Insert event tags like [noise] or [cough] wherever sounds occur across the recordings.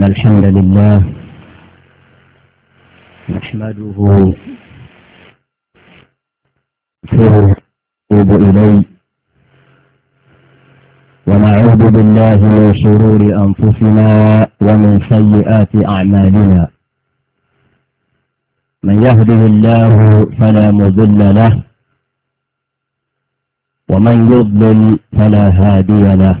الحمد لله نحمده ونتوب إليه ونعوذ بالله من شرور أنفسنا ومن سيئات أعمالنا من يهده الله فلا مضل له ومن يضلل فلا هادي له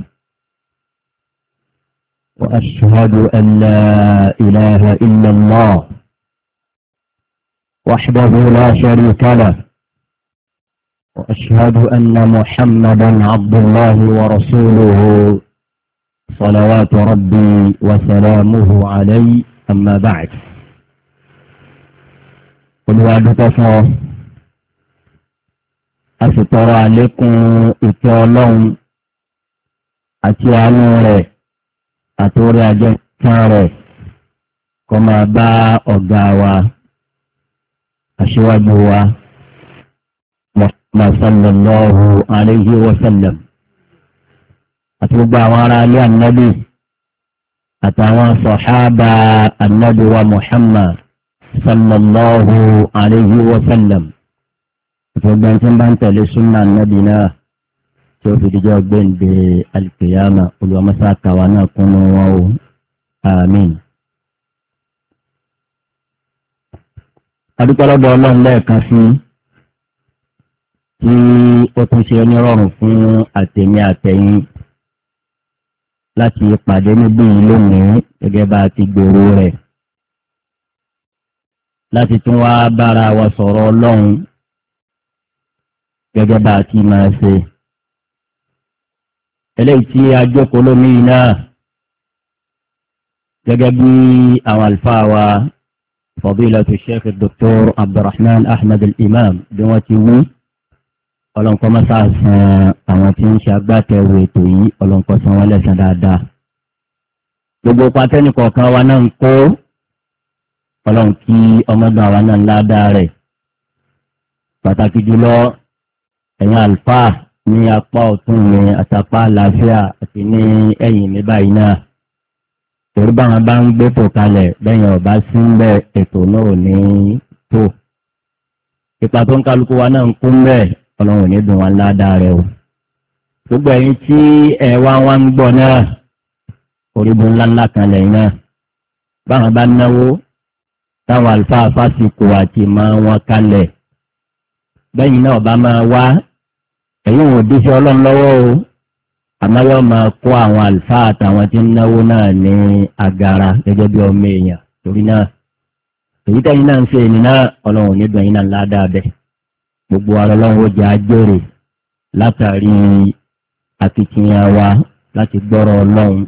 وأشهد أن لا إله إلا الله وحده لا شريك له وأشهد أن محمدا عبد الله ورسوله صلوات ربي وسلامه علي أما بعد قل dúpẹ́ fún ọ a sì tọrọ àtòrí ajẹ́ tán rẹ̀ kó máa bá ọ̀gá wa aṣíwájú wa Muhammad sallallahu alayhi wa sallam àti gbogbo àwọn ará ilé ànábì àtàwọn sọ̀hábà ànábì wa Muhammad sallallahu alayhi wa sallam àti gbogbo ẹni tí wọ́n bá ń tẹ̀lé súnmọ́ ànábì náà tí ó fi dijọ́ gbẹ̀ǹde alìkèyàmà olùwàmọ́sá kàwa náà kúnnú wọn o àmín. adúpọ̀lọ́gbọ̀ ọlọ́run lẹ́ẹ̀kan sí tí ó tún ṣe onírọ̀rùn fún àtẹ̀mí àtẹ̀yìn láti pàdé níbí yìí lónìí gẹ́gẹ́ bá a ti gbòòrò rẹ̀ láti tún wá bára wa sọ̀rọ̀ ọlọ́run gẹ́gẹ́ bá a ti máa ṣe eléyìí tí ajókòó lómi náà gẹ́gẹ́ bí àwọn àlùfáà wa fadilatu sheikh dr abdulrahman ahmed imam bí wọ́n ti wí ọlọ́nkọ́mọ́ sàásán àwọn tí ń ṣe agbátẹrù ètò yìí ọlọ́nkọ́ san wọ́n lẹ́sàn dáadáa gbogbo patẹ́nì kọ̀ọ̀kan wa náà ń kó ọlọ́run ọmọdún àwa náà ń ládàá rẹ̀ pàtàkì jùlọ ẹ̀yin àlùfáà ní apá ọ̀tún mi àtàpá àlàáfíà àti ní ẹ̀yìn mi báyìí náà torí báwọn bá ń gbé tò kalẹ̀ bẹ́yìn ọ̀bá sí ń bẹ̀ ètò náà ò ní tò ipa tó ń kálukú wa náà ń kú mbẹ́ ọlọ́run ò ní dùn wá ládàá rẹ o gbogbo ẹ̀yin tí ẹ wá wá ń gbọ́ náà orígun ńláńlá kan lẹ́yìn náà báwọn bá náwó táwọn àlùfáà fásitì kò àti máa wọn kalẹ̀ bẹ́yìn náà ọba máa wá èyí wọn bí sí ọlọ́run lọ́wọ́ o àmọ́ yóò máa kó àwọn àlùfáà àtàwọn tí ń náwó náà ní agara gẹ́gẹ́ bí ọmọ èèyàn torí náà èyí tẹ́yìn náà ń ṣe èyí náà ọlọ́run ní bẹ̀yìn náà ládàá bẹ̀ gbogbo ara ọlọ́run ó jẹ́ àjèrè látàrí akitiyan wa láti gbọ́rọ̀ ọlọ́run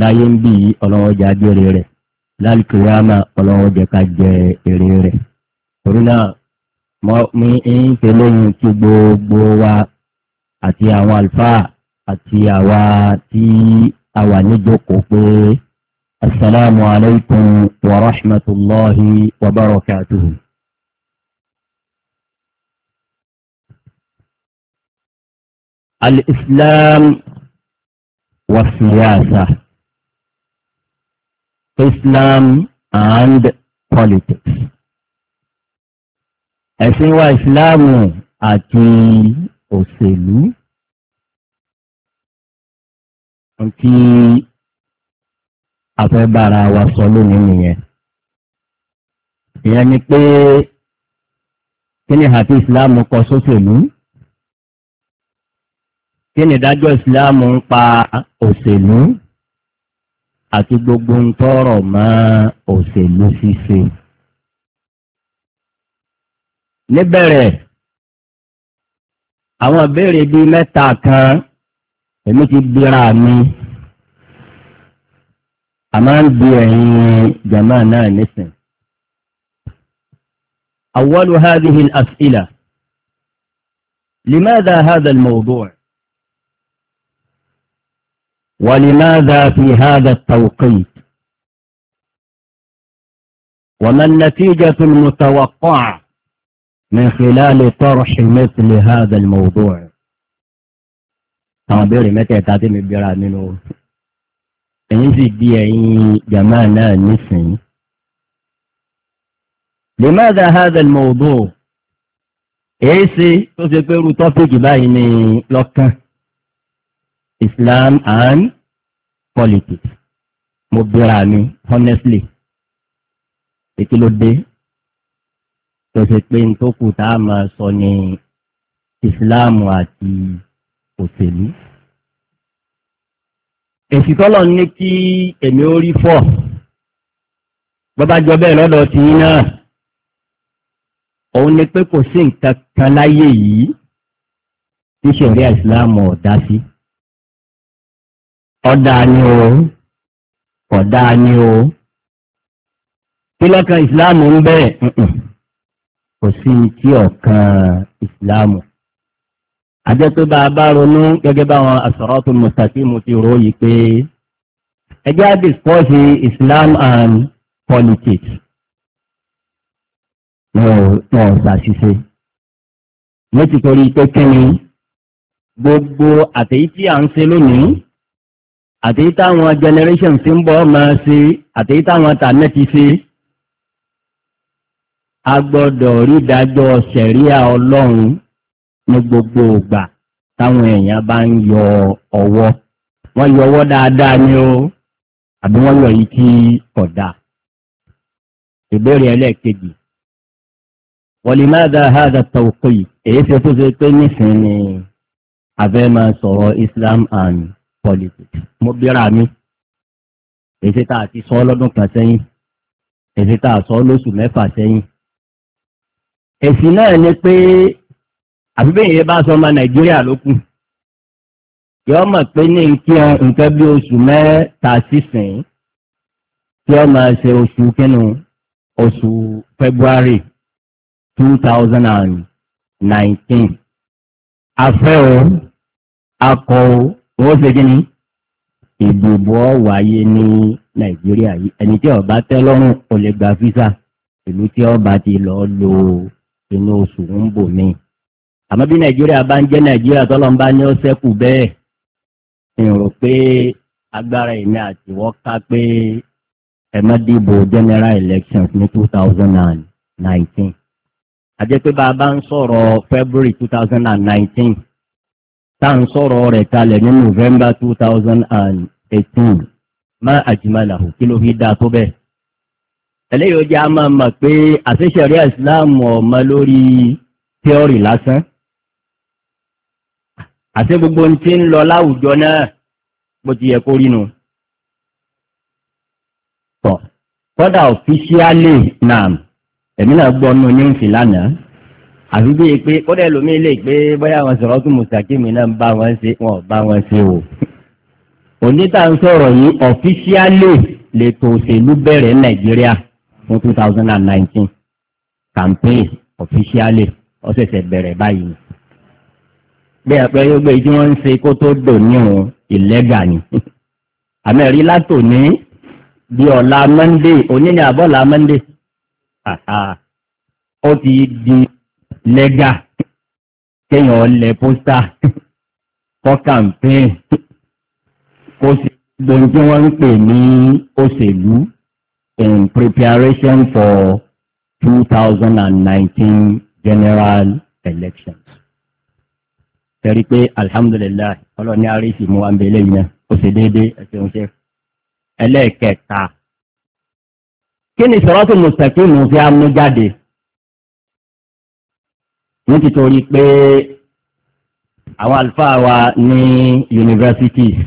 láyé ń bí ọlọ́run ó jẹ́ àjèrè rẹ̀ lálùkìyàmà ọlọ́run ó jẹ́ ká jẹ èrè rẹ̀ torí náà mi ń tẹ̀lé yín kí gbogbo wa àti àwọn àlùfáà àti àwa tí a wà níjókòó pé asalaamu alaykum wa rahmatulahi wa barakatuhu. الإسلام والسياسة Islam and politics ẹ̀sìn wa ìsìláàmù àti òṣèlú tí afẹ́bára wa sọ lónìí nìyẹn ìyẹn ni pé kí ni àti ìsìláàmù kọ sóṣèlú kí ni ìdájọ́ ìsìláàmù ń pa òṣèlú àti gbogbo ń tọrọ mọ́ òṣèlú ṣíṣe. Si níbẹ̀rẹ̀ àwọn ìbéèrè bíi mẹ́ta kan èmi ti bíra mi a máa ń bi ẹ̀yin jàmá náà nísìn. أول هذه الأسئلة لماذا هذا الموضوع ولماذا في هذا التوقيت وما النتيجة المتوقعة من خلال طرح مثل هذا الموضوع àwọn béèrè mẹ́tẹ̀ẹ̀ta tí mi bíra nínú ẹ̀yìn sì di ẹ̀yìn jama náà nísìnyí. لماذا هذا الموضوع èyí ṣe tó ṣe pé irú tọ́pìkì báyìí ni lọ́kàn Islam and politics mo bíra mi honestly èkìlódé tó ṣe pé ntókù tá a máa sọ ní ìsìláàmù àti òṣèlú. èsì tọ́lọ̀ ní kí èmi ó rí fọ́ bọ́bá jọ bẹ́ẹ̀ lọ́dọ̀ tí yín náà òun ni pé kò sí nǹkan kan láyé yìí tí ṣẹ̀ríà ìsìláàmù ọ̀dá sí. ọ̀dà ni o ọ̀dà ni o kí lọ́kàn ìsìláàmù ń bẹ́ẹ̀ kò sí tí ọ̀kan ìsìláàmù àjẹ́ pé bá a bá ronú gẹ́gẹ́ báwọn asọ̀rọ̀tò mùsàkímù ti rò yìí pé ẹjẹ́ á dìskọ́sì Islam and politics náà ṣàṣìṣe ní ti torí pé kí ni gbogbo àtẹ̀yí tí à ń ṣe lónìí àtẹ̀yí táwọn generation ti ń bọ̀ máa ṣe àtẹ̀yí táwọn tà náà ti ṣe. a gbọ́dọ̀ rí dájọ́ sẹ̀ríà ọlọ́run ní gbogbo ògbà táwọn èèyàn bá ń yọ ọwọ́ wọ́n yọ ọwọ́ dáadáa ni ó àbí wọ́n yọ yìí kí kódà. ìbéèrè ẹlẹ́ẹ̀kejì wọ̀lìmáàdà hàdà tọ̀kọ̀ yìí èyí ṣe tó Islam and politics mo bíra mi èyí ṣe tá a ti sọ lọ́dún kan sẹ́yìn èyí ẹ̀sìn náà ni pé àbíbẹ̀yìn yẹn bá sọ ọmọ nàìjíríà ló kù yọ mọ̀ pé ní kí ọ nǹkan bí oṣù mẹ́ta sísìn tí ọ ṣe oṣù kínú oṣù february two thousand and nineteen afẹ́ o akọ o wọ́n ṣe kí ni ìdìbò wáyé ní nàìjíríà yìí ẹni tí ó bá lọ́rùn kò lè gba físà ìlú tí ó ti lọ́ọ́ lò ó inú oṣù ń bò mí. àmọ́ bí nàìjíríà bá ń jẹ́ nàìjíríà tọ́lọ́n bá ní ó sẹ́kù bẹ́ẹ̀ ń rò pé agbára èmi àti pé ẹ dìbò general elections ní two thousand and nineteen. àjẹ́ pé bá a bá ń sọ̀rọ̀ february two thousand and nineteen tá à ń sọ̀rọ̀ rẹ̀ kalẹ̀ ní november two thousand and eighteen má àjùmọ̀lá kí ló fi dáa tó bẹ́ẹ̀ eléyìí ó jẹ́ a máa mọ̀ pé àṣẹ́ṣẹ̀rí ìsìláàmù ọ̀mọ lórí tíọ́rì lásán àṣẹ gbogbo ti ń lọ láwùjọ náà bó ti yẹ kó rí nu tọ̀ kọ́dà ọ̀fíṣíálì náà ẹ̀mí náà gbọ́ nù ní ìfì lánàá àfi bíi pé kọ́dà ẹlòmíì lè pé bóyá àwọn sọ̀rọ̀ tó mùsàkímì náà bá wọn ṣe wọn bá wọn ṣe o onítà yìí ọ̀fíṣíálì lè tòṣèlú bẹ̀rẹ̀ Nàìjíríà fún two thousand and nineteen campaign officially ọ̀sẹ̀sẹ̀ bẹ̀rẹ̀ báyìí bí ẹ̀pẹ́ yóò gbé tí wọ́n ń ṣe kó tó dò ní òun ìlẹ́gà ni [laughs] àmì rí látòní bí ọ̀la monday oníní àbọ̀là monday ó ti di lẹ́gà kéèyàn lẹ pósítà kọ́ [laughs] campaign kó sì gbóhùn tí wọ́n ń pè ní òṣèlú in preparation for 2019 general elections. Tẹ̀rí pé alhamdulillah ọlọ́ni àríṣì mú wa ń belé yìí náà, ó sì déédéé ẹ̀sìn ṣe. Ẹlẹ́ẹ̀kẹta. Kí ni sọ̀rọ̀tún mùsàkínù fi á mú jáde? Ní ti pé àwọn àlùfáà wa ní universities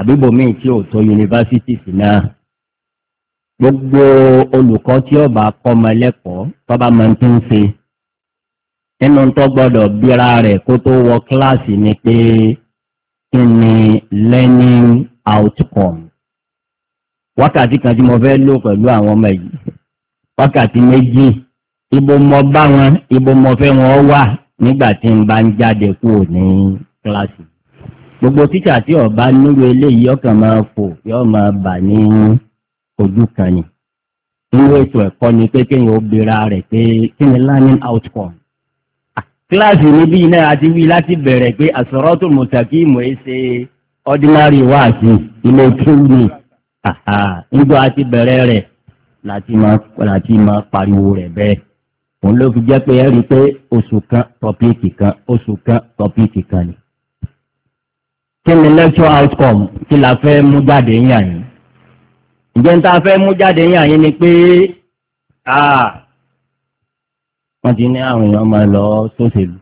àbíbòmíì tí ò tó universities náà gbogbo olùkọ́ tí ó bá kọ́mọ lẹ́kọ̀ọ́ tó bá máa ń tún ṣe nínú tó gbọ́dọ̀ bíra rẹ̀ kó tó wọ kíláàsì ni pé kí ni learning outcome wákàtí kan tí mo fẹ́ lò pẹ̀lú àwọn ọmọ yìí wákàtí méjì ibo mo bá wọn ibo mo fẹ́ wọn wà nígbà tí n bá ń jáde kúrò ní kíláàsì gbogbo tíṣà tí ó nílò eléyìí ọkàn máa fò yóò máa bà ní ojú kan ni nínú ètò ẹ̀kọ́ ni pé kéèyàn ó gbéra rẹ̀ pé kí learning outcome kíláàsì níbí iná àti wí láti bẹ̀rẹ̀ pé àsọ̀rọ̀tò mùsàkíìmù ẹ̀ ṣe ordinary wáàsí ilé kíwù ni nígbà àti bẹ̀rẹ̀ rẹ̀ láti máa pariwo rẹ̀ bẹ́ẹ̀ òun ló fi jẹ́ pé ẹ rí i pé oṣù kan tọ́píìkì kan oṣù kan tọ́píìkì kan ni. kí ni lecture outcome kí la fẹ́ mú jáde yàn yín ǹjẹ́ ta fẹ́ mú jáde ní àyín ni pé wọ́n ti ní àwọn èèyàn máa lọ sóṣèlú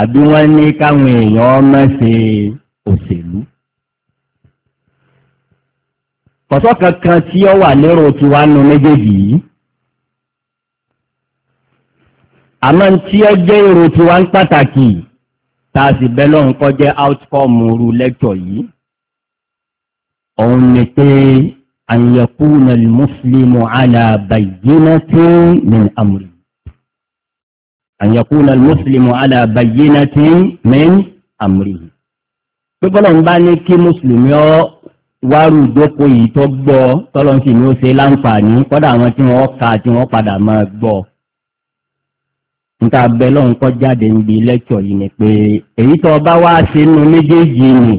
àbí wọ́n ní káwọn èèyàn máa ṣe òṣèlú. kọ̀sọ́ kankan tí ó wà lérò tiwa nu méjèèjì yìí àmọ́ tí ó jẹ́ èrò tiwa ń pàtàkì tá a sì bẹ́ lọ́run jẹ́ outcome ru lẹ́kọ̀ọ́ yìí òun ni pé àyẹ̀kúnà mùsùlùmù alábàyínátì min amri àyẹ̀kúnà mùsùlùmù alábàyínátì min amri pípọ́lọ̀ ń bá ní kí mùsùlùmí ọ wárú ìjókòó yìí tó gbọ́ tọ́lọ́ sì ni ó ṣe láǹfààní kọ́dà àwọn tí wọ́n ka tí wọ́n padà máa gbọ́ níta bẹ́ẹ̀ lọ́hùn kọ́ jáde níbi lẹ́kọ̀ọ́ yìí ni pé èyí tó bá wá sínú méjèèjì nìí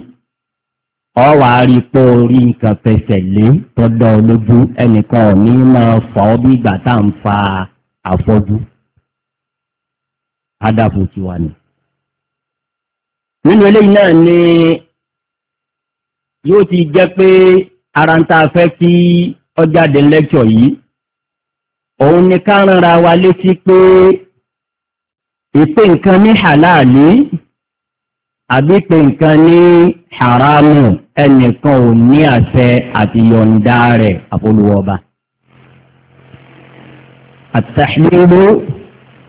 ọwà rí pé orí nǹkan fẹsẹ̀ lé tọ́dọ̀ olójú ẹnìkan ò ní máa fọ́ bí ìgbà tá à ń fa àfọ́jú hádàfù tiwa ni. nínú eléyìí náà ni yóò ti jẹ́ pé ara ń ta fẹ́ kí ọjáde lẹ́kṣọ̀ yìí òun ni ká rán ra wa létí pé ìpè nǹkan ní hàlàálì àbí pé nǹkan ní haramu ẹnìkan ò ní àṣẹ àti yọ̀ǹda rẹ̀ àfolúwọ́ba. àtàlélò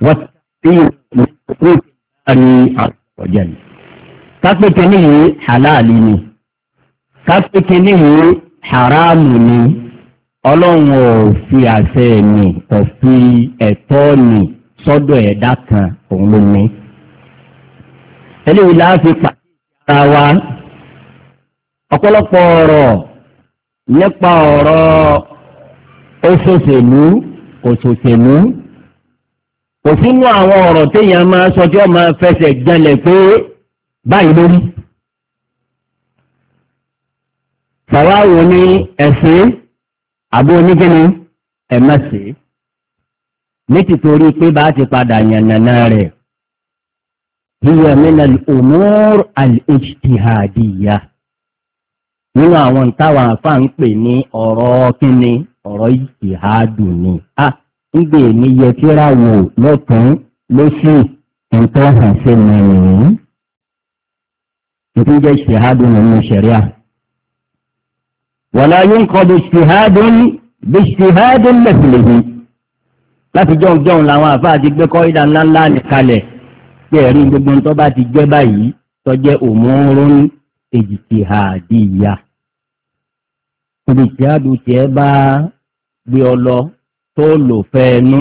wọ́n ti ọjọ́ ni. kápẹ́kẹ́ níyì halali ni kápẹ́kẹ́ níyì haramu ni ọlọ́run ò fi àṣẹ ni kò fi ẹ̀tọ́ ni sọ́dọ̀ ẹ̀dá kan òun ló ní eléyìí láti pàtàkì ara wa ọ̀pọ̀lọpọ̀ ọ̀rọ̀ nípa ọ̀rọ̀ òṣòṣèlú òṣòṣèlú kò sínú àwọn ọ̀rọ̀ téèyàn máa sọ tí wọ́n máa fẹsẹ̀ janlẹ̀ pé báyìí lórí. bàbá wo ni ẹ̀sìn àbó onígbìnní ẹ̀mẹ́sì ní tìtorí pé bá ti padà yànnàná rẹ̀ hiya min al-umur al-ijtihadiyya nínú àwọn táwọn afá ń pè ní ọ̀rọ̀ kíni ọ̀rọ̀ ìjìhádù ni a ń gbé ní yẹ kíra wò lọ́tún lóṣù nǹkan hàn sí mẹ́rin nítorí jẹ́ ìjìhádù nínú ṣẹ̀ríà. wala yunqadu ìjìhádù bí ìjìhádù lẹ́sìlẹ́sì pé ẹ̀rí gbogbo tó bá ti jẹ́ báyìí tó jẹ́ òmùrún ijtihadiyya. olùsíàdù tiẹ̀ bá gbé ọ lọ tó lò fẹ́ ẹnu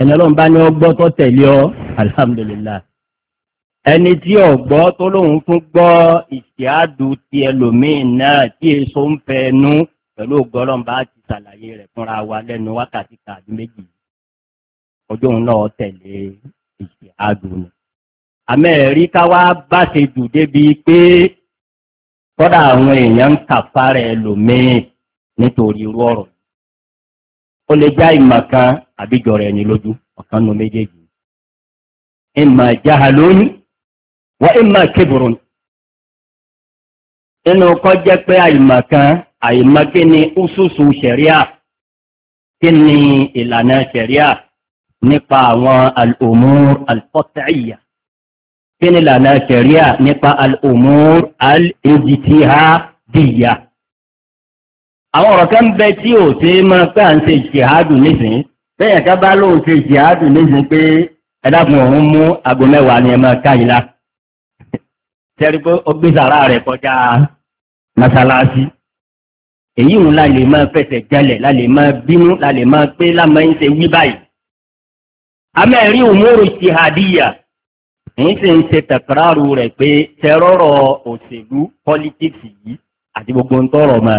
ẹni ọlọ́run bá ní ọgbọ́ tó tẹ̀lé ọ alhamdulillah ẹni tí ọ̀gbọ́ tó lóun tún gbọ́ ìṣíàdù ti ẹlòmíì náà tí èso ń fẹ́ ẹnu pẹ̀lú ògbọ́lọ́mbà ti ṣàlàyé rẹ̀ fúnra wa lẹ́nu wákàtí tàbí méjì ọjọ́ òun náà tẹ̀lé ìṣíàdù ni àmẹ́rí ká wá bá ṣe dù débi pé kọ́dà àwọn èèyàn ń kàfàrẹ̀ ẹlòmíì nítorí irú ọ̀rọ̀ ó lè já ìmọ̀ kan àbíjọ rẹ̀ ní lójú ọ̀kan nu méjèèjì ìmọ̀ jahalóni wọ́n ìmọ̀ kébùrún nínú kọ́ jẹ́ pé àìmọ̀ kan àìmọ̀ kí ni úsùsù ṣẹ̀ríà kí ni ìlànà ṣẹ̀ríà nípa àwọn al-umur kí ni lànà ṣẹ̀ríà nípa al-umur al-ijtihadiyya àwọn ọ̀rọ̀ kan bẹ tí ò tí máa pé à ń ṣe jihadu nísìn bẹ́ẹ̀ ká bá lóun ṣe jihadu nísìn pé ẹ̀dàkùn òun mú aago mẹ́wàá ni ẹ máa ká yìí la ó gbé ń sì ń ṣe tẹ̀kọ́rọ́rù rẹ̀ pé tẹ́rọ̀rọ̀ òṣèlú politics yìí àti gbogbo ń tọrọ mọ́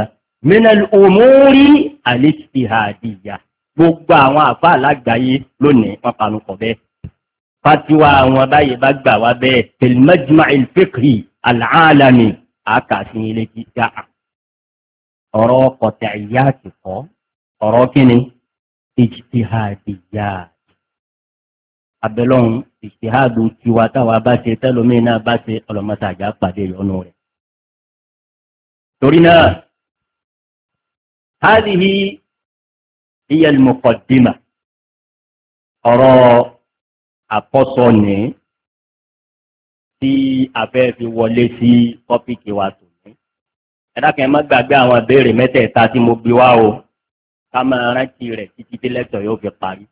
minal umuri al-ijtihadiyya gbogbo àwọn àfa alágbàáyé lónìí wọn panu kọ bẹ́ẹ̀ fatiwa àwọn báyìí bá gbà wá bẹ́ẹ̀ fil majma'il fikri al ilé jíjà ọ̀rọ̀ kọ̀tà ìyá àtìkọ́ ọ̀rọ̀ kíni ijtihadiyya abẹ́lọ́hún ìṣèhádù tiwa táwa bá ṣe tẹ́lómìn náà bá ṣe ọlọ́mọṣàjà pàdé ìyọnu rẹ̀. torí náà hádìhí iyẹlmọ̀kọ̀dìmà ọ̀rọ̀ àkọ́sọ ní tí abẹ́ fi wọlé sí kọ́pìkì wa tò ní. ẹ dákẹ́ má gbàgbé àwọn ìbéèrè mẹ́tẹ̀ẹ̀ta tí mo gbé wá o ká máa rántí rẹ̀ títí délẹ́tọ̀ yóò fi parí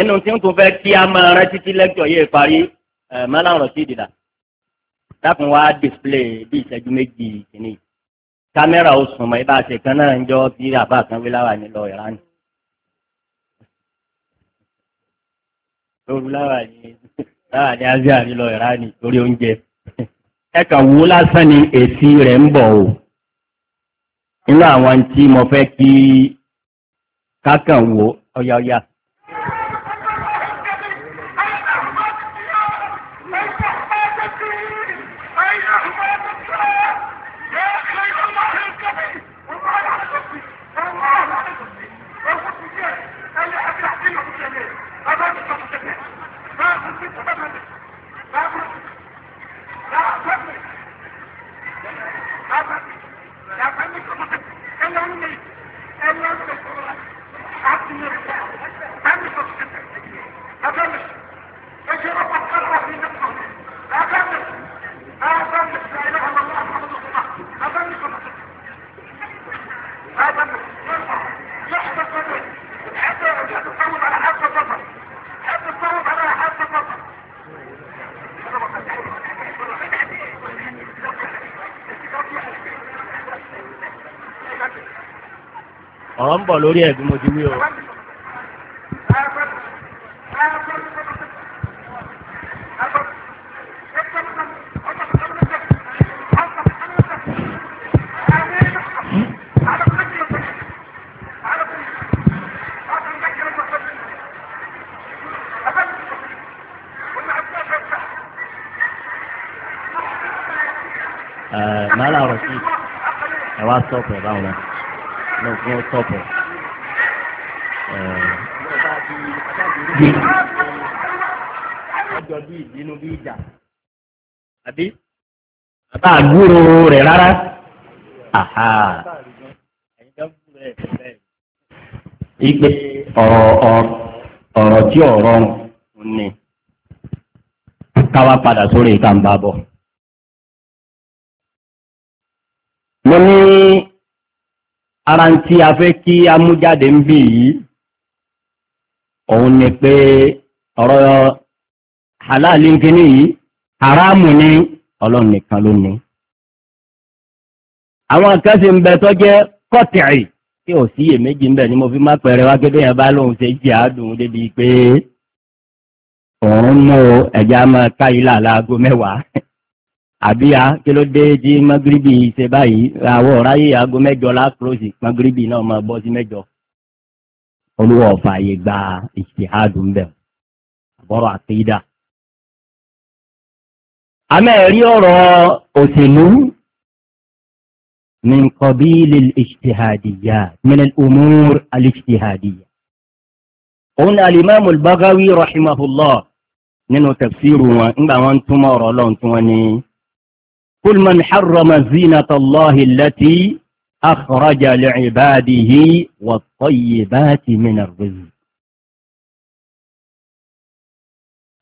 nínú tí ń tún fẹ́ kí a máa rán títí lẹ́kítọ̀ yìí parí mọ́láwọn sí ìdìdà dákun wá display bí ìṣẹ́jú méjì kìíní kámẹ́rà ó sùnmọ́ ibà ṣe kan náà ń jọ bí àbá kan wí láwà nílò ìran. lóru láwà ní láwà ní asia nílò ìran lórí oúnjẹ ẹ kàn wú lásán ni èsì rẹ̀ ń bọ̀ o nínú àwọn tí mo fẹ́ kí kákan wò ọ̀yà ọ̀rọ̀ ń bọ̀ lórí ẹ̀ bí mo ti wí o. or couple. Uh, ọjọ́ bí ìbínú bí ìjà. Àbí? Àbá àgbúrò rẹ̀ rárá. Àhà. Ẹ̀yin tó kú rẹ̀ bẹ́ẹ̀. ọ̀rọ̀ tí ọ̀rọ̀ ń ní. Káwá padà sórí ìta ń bá bọ̀. Mo ní ara ń tí a fẹ́ kí a mú jáde ń bì yìí òun ni pé ọ̀rọ̀ halali ń kíní yìí haramu ní ọlọ́run nìkan ló ní. àwọn kan sì ń bẹ tó jẹ́ kọ́tìrì tí ò sí iyèméjì ń bẹ ni mo fi má pẹ̀rẹ̀ wá gẹ́gẹ́ yẹn bá lóun ṣe jì àádùn débi pé òun mú ẹ̀já máa ká ilà láago mẹ́wàá [laughs] àbí a kí ló dé tí magribi ṣe báyìí àwọ̀ ráyè aago mẹ́jọ lákúròsì magribi náà máa bọ́ sí mẹ́jọ olúwa ọ̀fà yìí gba ìṣèhádùn bẹ̀ àbọ̀rọ̀ àtẹ́yídà. amẹ́rí ọ̀rọ̀ òṣèlú min qabili al-ijtihadiyat min al-umur al-ijtihadiyya òun al-imam al rahimahullah nínú tafsiru wọn ńgbà wọn túmọ̀ ọ̀rọ̀ ọlọ́run tí wọ́n ní قل من حرم زينة الله التي أخرج لعباده والطيبات من الرزق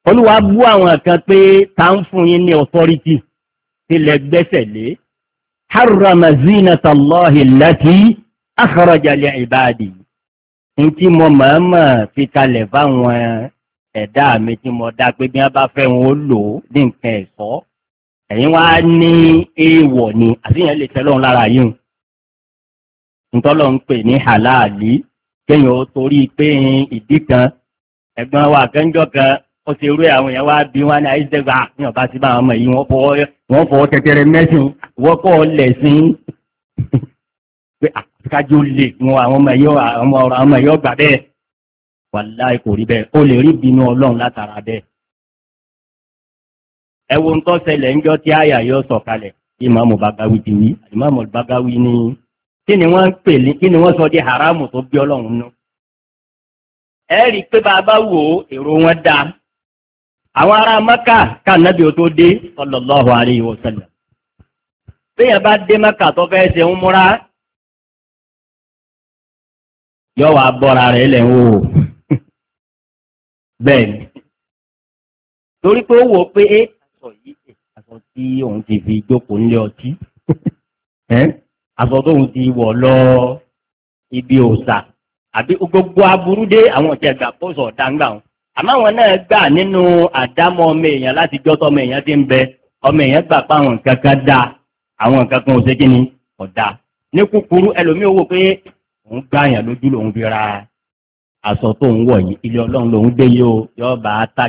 olúwa bú àwọn kan pé ta ń fún yín ní authority tilẹ̀ gbẹ́sẹ̀ lé harrama zinata allahi lati akhraja li ibadi tí mo mọ̀ọ́mọ̀ fi kalẹ̀ fáwọn ẹ̀dá mi tí mo dá pé bí wọ́n bá fẹ́ wọn ó lò ó ní nǹkan ẹ̀kọ́ ẹ̀yin wá ní èèwọ̀ ni àfihàn lè tẹ́ lára yìí ntọ́lọ̀ ń pè ní halali kéèyàn ó torí pé ìdí kan ẹ̀gbọ́n wa kẹ́ńjọ́ kan ó ti rú àwọn èèyàn wá bí ah, wọn ní àìsẹ́gbà ní ọ̀bá sí bá ọmọ yìí wọ́n fọwọ́ tẹ̀tẹ̀rẹ̀ mẹ́sìn wọ́pọ̀ lẹ̀sìn [laughs] pé àkájú ah, lè mú àwọn ọmọ yìí ọmọ ọgbà bẹ́ẹ̀ wàláì kò rí bẹ́ẹ̀ ó lè rí bínú ọlọ́run látara bẹ́ẹ̀ ẹwọ ń tọ́sẹlẹ̀ ńjọ́ tí àyà yóò sọ̀kalẹ̀ tí ìmáàmù bagawi ti wí ìmáàmù bagawi ní kí ni wọ́n ń pè ní kí ni wọ́n sọ di haramu tó bí ọlọ́run nú. ẹ rí i pé bá a bá wò ó èrò wọn da àwọn ará maka ká nábì ó tó dé sallallahu alaihi wasallam. béèyàn bá dé maka tó fẹ́ ṣe ń múra yọ wàá bọ́ra rẹ̀ lẹ̀ ń wò ó [laughs] bẹ́ẹ̀ ni torí pé ó wò ó pé tí òun ti fi jókòó nílé ọtí [laughs] aṣọ tóun ti wọ̀ lọ ibi òòsà àbí gbogbo aburú dé àwọn ọ̀tí ẹ̀gbà pọ̀sọ̀ ọ̀dáńgbà wọn àmọ́ àwọn náà gbà nínú àdámọ́ ọmọ èèyàn láti jọ́tọ́ ọmọ èèyàn ti ń bẹ ọmọ èèyàn gbà pa àwọn nǹkan kan dáa àwọn nǹkan kan ò ṣe kí ni ọ̀dà ní kúkúrú ẹlòmíì owó pé òun gbààyàn lójú lòun fi ra aṣọ tó ń wọ̀ yìí ilé ọlọ́run lòun dé yìí o yọ bá a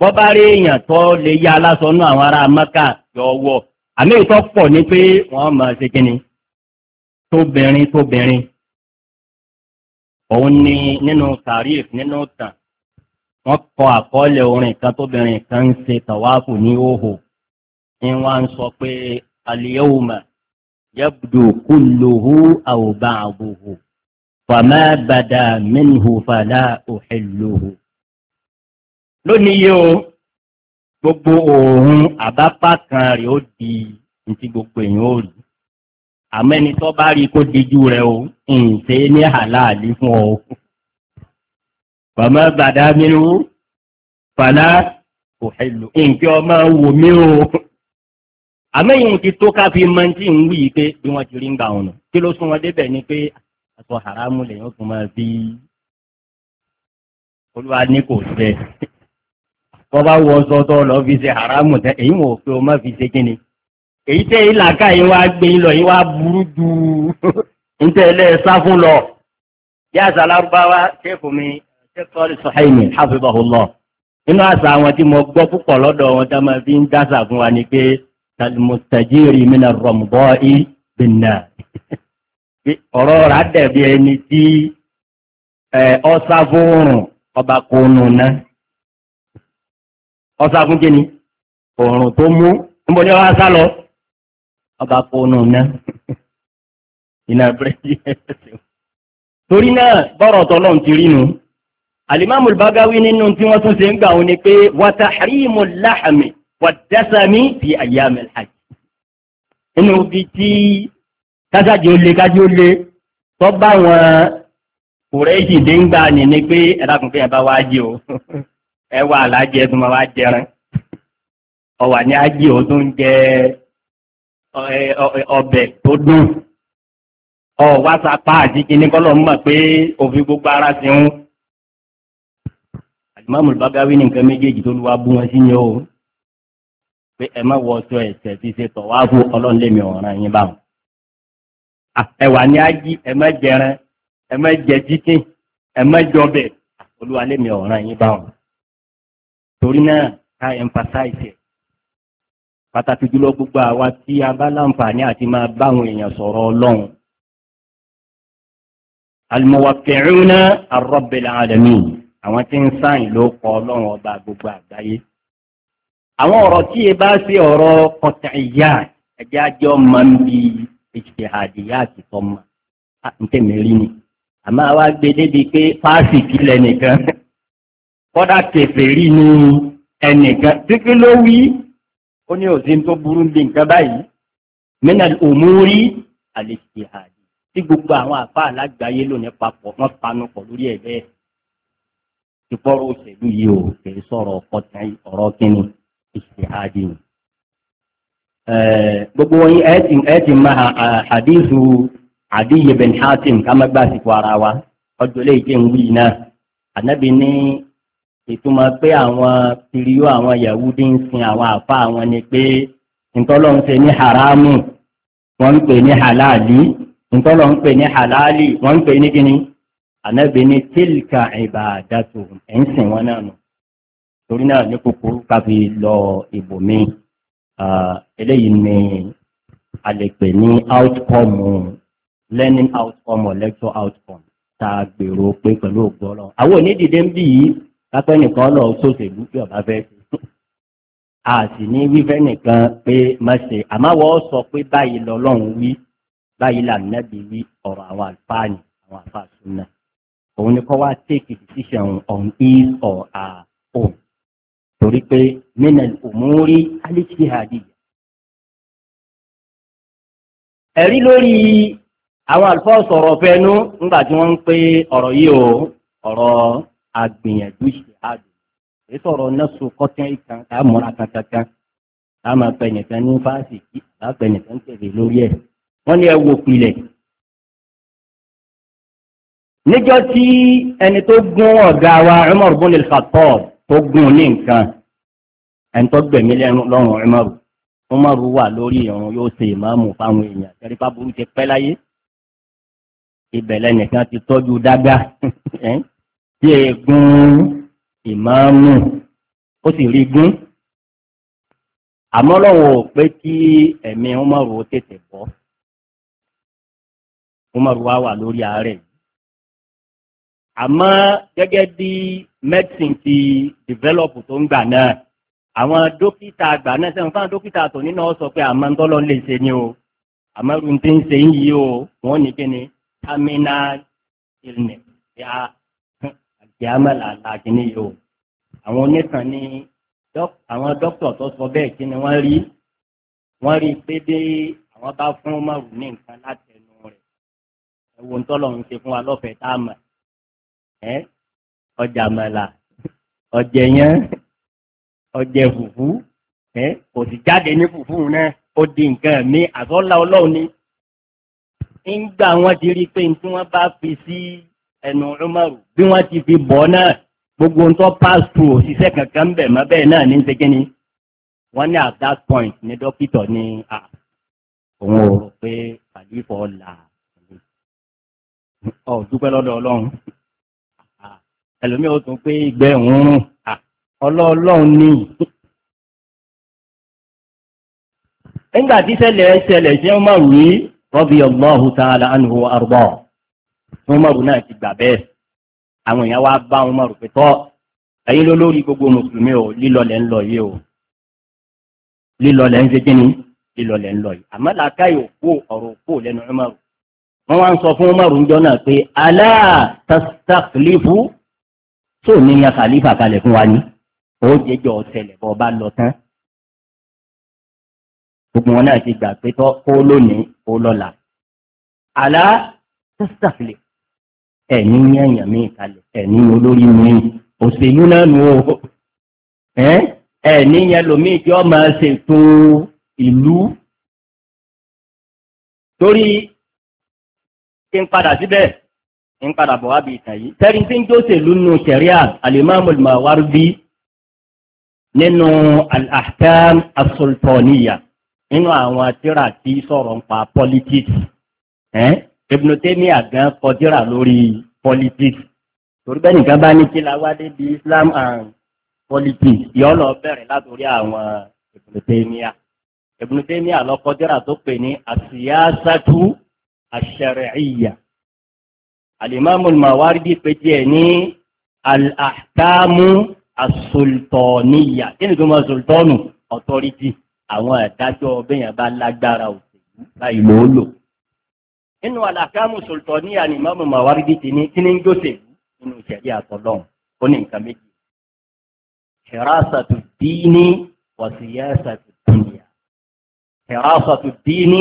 bọ́bá rí èèyàn tó lè yá aláṣọ nú àwọn ará mẹ́kà yọ wọ̀ àmì ìtọ́ pọ̀ ní pé wọ́n mọ̀ ṣe kí ni tóbìnrin tóbìnrin òun ni nínú tàríf nínú tàn wọ́n kọ àkọọ́lẹ̀ orin kan tóbìnrin kan ń ṣe tàwáàfù ní òhò ni wọ́n ń sọ pé aliyahuma yabdu kulluhu aw ba'duhu fama bada minhu fala uhilluhu lónìí yìí o gbogbo òòrùn àbápá kan rẹ̀ ó di ní ti gbogbo èèyàn ó rí àmọ́ ẹni tó bá rí kó dijú rẹ̀ o ǹṣe ní àláàlí fún ọ. bàmá bàdá mínú fàlà kò hẹlò nǹkẹ́ ọmọ wò mí o. àmọ́ ìhun ti tó ká fi mọ tí ń wí pé bí wọ́n ti rí ń gbà ọ̀nà kí ló sún wọn débẹ̀ ni pé aṣọ haramu lèyàn tún máa fi olúwa ní kò fẹ́ wọ́n bá wọ ọsọ tó lọ fi ṣe haramu tẹ èyí wò pé o má fi ṣe kíni èyí tẹ ìlàkà yìí wá gbé lọ yìí wá burú ju [laughs] níta ẹ lẹ́ẹ̀sá fún lọ. bí àṣà lárúbáwá ṣéèkù mi ṣéèkù sọ̀hẹ́mì hafizahullah nínú àṣà àwọn tí mo gbọ́ púpọ̀ lọ́dọ̀ wọn tá máa fi ń dáṣà fún wa ni pé talimutajiri mina rọmùbọ́ì bìnnà [laughs] ọ̀rọ̀ rà dẹ̀bi ẹni tí ọ̀sá fóòrùn ọba kò nù náà ọ̀ṣàgùn kí ni òòrùn tó mú níbo ni wọ́n á sá lọ ọba kó nù ná iná bírèkì ẹsẹ̀ torí náà bọ́rọ̀ tọ́lọ́run ti rí nu alimami bagawi nínú tí wọ́n tún ṣe ń gbà wọn ni pé watahrimu lahami wadasami fi ayyamil hajj nínú ibi tí kásájì ó le kájí tọ́ bá wọn kùrẹ́jì dé ń gbà ní pé ẹ̀dá yẹn bá wáá o ẹwà alájẹ tó máa wá jẹran ọwà ní ájì ó jẹ ọbẹ̀ tó dùn ọwà sapá àti kíní kọ́lọ̀ mọ̀ pé òfin gbogbo ara ti ń. àdìmọ́mù bágáwí ní nǹkan méjèèjì tó luwa bú wọn sí ni o pé ẹ má wọ ọsọ ẹsẹ fi ṣe tọ̀ wá fún ọlọ́run lèmi ọ̀ràn yín báwọn. ẹwà ní ájì ẹ má jẹran ẹ má jẹ chicken ẹ má jọbẹ̀ olúwa lèmi ọ̀ràn yín báwọn. torí náà ká emphasize pàtàkì jùlọ gbogbo àwa tí a bá láǹfààní àti máa báwọn èèyàn sọ̀rọ̀ ọlọ́run almuwakiruna arabbil alamin àwọn tí ń sáyìn ló kọ ọlọ́run ọba gbogbo àgbáyé àwọn ọ̀rọ̀ tí e bá sí ọ̀rọ̀ kọtàìyá ẹjẹ́ ajọ́ máa ń bi ìṣèhàdìyá àti tọ́mọ ntẹ̀mẹ́rì ni àmọ́ àwa gbé débi pé fásitì lẹ́nìkan kọ́dá kèfèrí rí ní ẹnìkan tí kí ló wí ó ní òsì tó burú bí nǹkan báyìí mínà òmúrí àlèkè àdì tí gbogbo àwọn àfa alágbàáyé lónìí papọ̀ wọ́n panu pọ̀ lórí ẹ̀ bẹ́ẹ̀ ti bọ́rọ̀ òṣèlú yìí o kì í sọ̀rọ̀ ọ̀tàn ọ̀rọ̀ kínní ìṣe àdì ni. gbogbo wọn ẹ ti máa àdìsù àdìyẹ bẹ̀ni hàtìm ká má gbàsìkò ara wa ọjọ́ lẹ́yìn tí ń wí náà ànábì ní ìtumọ̀ pé àwọn tìrìyó àwọn yahudi ń sin àwọn àfa àwọn ni pé ntọ́lọ́ ń ṣe ní haramu wọ́n ń pè ní halali ntọ́lọ́ ń pè ní halali wọ́n ń pè ní kíni ànábì ní tílkà ìbàdàtò ẹ̀ ń sìn wọn náà nù torí náà ní kúkúrú káfí lọ ìbòmí eléyìí ni a lè pè ní outcome learning outcome or lecture outcome tá a gbèrò pé pẹ̀lú ògbọ́n àwọn onídìí dé ń bí yìí kápẹ́ nìkan lọ sóṣèlú bí ọba fẹ́ a sì ní wífẹ́ nìkan pé má ṣe àmáwọ̀ sọ pé báyìí lọ́lọ́run wí báyìí làmìnàbí wí ọ̀rọ̀ àwọn àlùfáà àwọn àlùfáà náà òun ni kọ́ wá take a decision on his or her own torí pé mina òmùúrí alíṣihàdì ẹ̀rí lórí àwọn àlùfáà sọ̀rọ̀ fẹ́nu nígbà tí wọ́n ń pé ọ̀rọ̀ yìí o ọ̀rọ̀ agbìyànjú ìṣèhádùn èyí sọ̀rọ̀ nẹ́sù kọ́tẹ́ ìkan tá a múra kankankan tá a máa pẹ̀ nìkan ní fásitì tá a pẹ̀ nìkan tẹ̀lé lórí ẹ̀ wọ́n ní ẹ wo pilẹ̀. níjọ́ tí ẹni tó gún ọ̀gá wa Umar ibn al-Khattab tó gún ní nǹkan ẹni tó gbẹ̀mí lẹ́nu lọ́rùn Umar Umar wà lórí ìrun yóò ṣe ìmáàmù fáwọn èèyàn tẹ́lifá burú ti pẹ́ láyé ibẹ̀ lẹ́nìkan ti tọ́jú dágá [laughs] tí ẹ e gún ìmáàmù ó sì rí gún àmọ́ lọ́wọ́ pé kí ẹ̀mí Umaru tètè bọ́ Umaru wá wà lórí ààrẹ àmọ́ gẹ́gẹ́ bí medicine ti develop tó ń gbà náà àwọn dókítà àgbà náà sẹ́wọ̀n fáwọn dókítà tó nínú ọ sọ pé àmọ́ ń tọ́lọ́ lè ṣe ni o àmọ́ irun tí ń ṣe ń o wọ́n ní kí ni terminal illness ya kìámà làtà kìíní yìí o àwọn onítàn ní àwọn dókítà tó sọ bẹ́ẹ̀ kí ni wọ́n rí wọ́n rí pé bí àwọn bá fún márùn ní nǹkan láti ẹnu rẹ̀ ẹ̀wò ń tọ́lọ̀ ń ṣe fún wa lọ́fẹ̀ẹ́ tá a mọ̀ ẹ́ ọjà mọ̀là ọ̀jẹ̀ yẹn ọ̀jẹ̀ fùfú ẹ́ kò sì jáde ní fùfú náà ó di nǹkan mi àsọ́lá ọlọ́run ni ńgbà wọn ti rí pé tí wọ́n bá fi sí ẹnu Umaru bí wọ́n ti fi bọ̀ náà gbogbo ń tọ́ pass through òṣìṣẹ́ kankan ń bẹ̀ mọ́ bẹ́ẹ̀ náà ní ṣẹ́gínní wọ́n ní at that point ní dókítà ní à òun ò rò pé àlífọ́ là ọ̀ dúpẹ́ lọ́dọ̀ ọlọ́run ẹlòmíì ó tún pé ìgbẹ́ òun rùn ọlọ́ọ̀lọ́run ní nígbà tí ṣẹlẹ̀ ṣẹlẹ̀ ṣé wọ́n máa wí rọ́bì ọlọ́hùn tààlà ànúhùn àrùbọ̀. Umaru náà ti gbà bẹ́ẹ̀ àwọn èèyàn wá bá Umaru pé tọ́ ẹ̀yin ló lórí gbogbo mùsùlùmí o lílọlẹ̀ ń lọ yìí o lílọlẹ̀ ń ṣe kí ni lílọlẹ̀ ń lọ yìí àmọ́ làákàyè òkú ọ̀rọ̀ òkú lẹ́nu Umaru wọ́n wá ń sọ fún Umaru ńjọ́ náà pé alá tasakilifu tó ní ya kàlífà kalẹ̀ fún wa ni ó jẹjọ ọ̀sẹ̀lẹ̀ bọ́ bá lọ tán gbogbo wọn náà ti gbà pé tọ́ kó lónìí kó lọ́la alá tasakilifu ẹ̀yìn ní ẹ̀yàn míì kalẹ̀ ẹ̀yìn olórí míì òṣèlú náà nù ó ẹ̀yìn yẹn lòmíì tí ó máa ṣètò ìlú torí kí n padà síbẹ̀ ń padà bọ̀ wá bí ìtàn yìí. Tẹ́rin tí ń jóṣèlú nù ṣẹ̀ríà Al-Imam nínú Al-Ahkam nínú àwọn tíra tí sọ̀rọ̀ ń pa politics. Ibn Taymiyyah gan kọjúra lórí politics torí bẹ́ẹ̀ nìkan bá ní kí la wá débi Islam and politics yọ lọ bẹ̀rẹ̀ látòrí àwọn Ibn Taymiyyah Ibn Taymiyyah lọ kọjúra tó pè ní asiyasatu ash alimamu mawaridi pèjì ẹ̀ ní al-ahkamu kí ni tó máa sultanu authority àwọn ìdájọ́ bẹ́yàn bá lágbára òṣèlú báyìí ló lò inú àlàkámù sọ̀tọ̀ ní ànímọ́mù màwárídì ti ní kí ní ń jọ́sẹ̀ nínú ìṣẹ̀lẹ̀ àtọ̀lọ́hùn ó ní nǹkan méjì ṣẹ̀rásàtù díní wàsíyásàtù dùnìyà ṣẹ̀rásàtù díní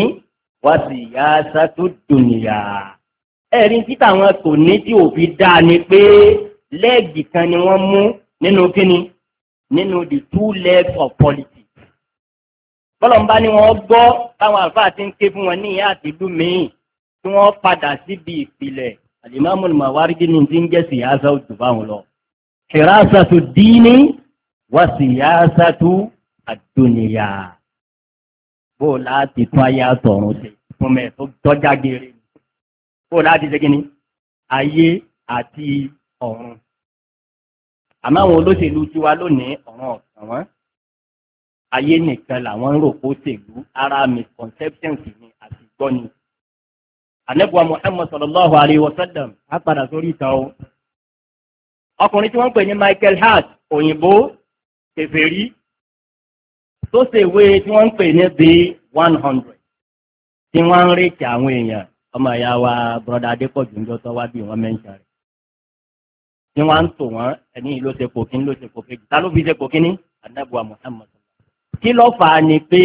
wàsíyásàtù dùnìyà ẹ̀rí títà wọn kò ní tí ò fi dá ni pé lẹ́ẹ̀gì kan ni wọ́n mú nínú kíni nínú the two legs of politics bọ́lọ̀ ń bá ní wọn gbọ́ táwọn àlùfáà ti ń ké fún wọn ní ìyá àtìlú míì tí wọ́n padà síbi ìpìlẹ̀ alimami mawaridi ni ti ń jẹ́ siyasa ojú báwọn lọ hirasatu dini wa siyasatu aduniya bó láti tún ayé àtọ̀run ṣe fún mẹ́ tó tọ́já geere bó láti ṣe kíni ayé àti ọ̀run àmọ́ àwọn olóṣèlú tiwa lónìí ọ̀ràn ọ̀sán wọn ayé nìkan làwọn ń rò kó ṣèlú ara misconceptions ni àti gbọ́ni anẹ́bùwa muhammad sallallahu alayhi wa sallam á padà sórí ìtàn o ọkùnrin tí wọ́n pè ní michael hart òyìnbó kèfèrí tó ṣe ìwé tí wọ́n pè ní the one hundred tí wọ́n ń rèkì àwọn èèyàn ọmọ ìyá wa broda adépọ̀jù ń jọ tọ́wá bí wọ́n mẹ́ńtà rẹ̀ tí wọ́n ń tò wọ́n ẹni ló ṣe kò kíní ló ṣe kò kejì ta ló fi ṣe kò kíní anábùwà muhammad kí ló fà á ni pé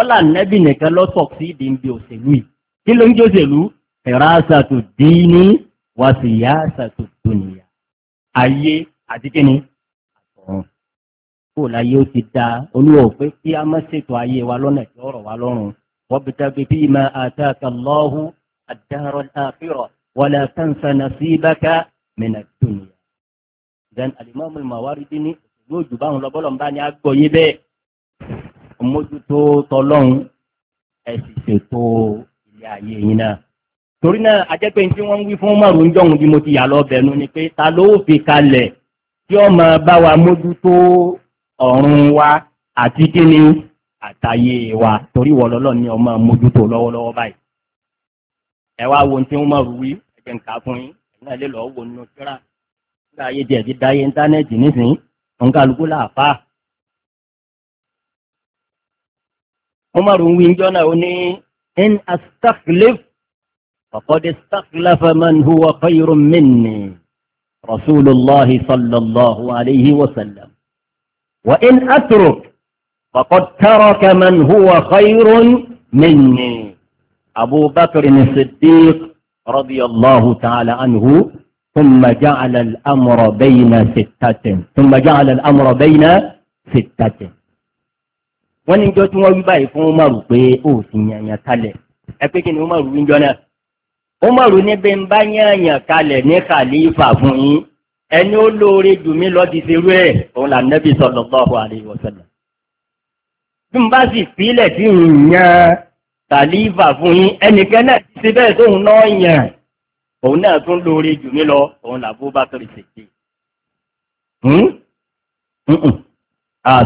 ọlà nẹ́bì nìkan ló sọ sí ìdí ń bi òṣèlú yìí kí ló ń jẹ́ òṣèlú firasatu dini wa siyasatu dunya ayé àti kíni àtọ̀run kó láyé ó ti da olúwa ò pé kí a má ṣètò ayé wa lọ́nà tí ọ̀rọ̀ wa lọ́rùn wabtaghi fima ataka Allahu ad-dara al-akhirah wala tansa nasibaka mina dunya. then alimami Mawardi ní yóò jù báwọn lọ́bọ́lọ́mbá ni a gbọ́ yé bẹ́ẹ̀ mójútó tọlọ́hún ẹ̀ ṣètò ilé ayé yín náà torí náà ajẹ́pẹ́ tí wọ́n ń wí fún márùn jọ̀hún bí mo ti yà lọ bẹ̀nu ni pé ta ló fi kalẹ̀ tí ó máa bá wa mójútó ọ̀run wa àti kíni àtàyè wa torí wọ̀lọ́lọ́ ni ọmọ mójútó lọ́wọ́lọ́wọ́ báyìí. ẹ wá wo tí wọ́n máa wí ẹ̀jẹ̀ nǹkan fún yín ẹ̀yìn náà lè lọ́ọ́ wo nínú kíra nígbà ayé díẹ̀ ti dáyé íńtánẹ́ẹ̀tì nísìnyí nǹkan àlùkò làáfà. wọ́n máa rò wí ń jọ́nà ó ní in astaklif فقد استخلف من هو خير مني رسول الله صلى الله عليه وسلم وإن أترك فقد ترك من هو خير مني أبو بكر الصديق رضي الله تعالى عنه ثم جعل الأمر بين ستة ثم جعل الأمر بين ستة وإن ní jọ tí wọ́n wí báyìí fún umaru Umaru ní bí n bá yányàn kalẹ̀ ní Khalifa fún yín ẹni ó lóore jù mí lọ ti ṣerú ẹ̀ òun là nẹ́bí sallallahu alaihi wasallam. bí n bá sì fílẹ̀ tí ń yan Khalifa fún yín ẹnìkan náà ti ṣe bẹ́ẹ̀ tóun náà yàn òun náà tún lóore jù lọ òun là bó bá kiri ṣèké.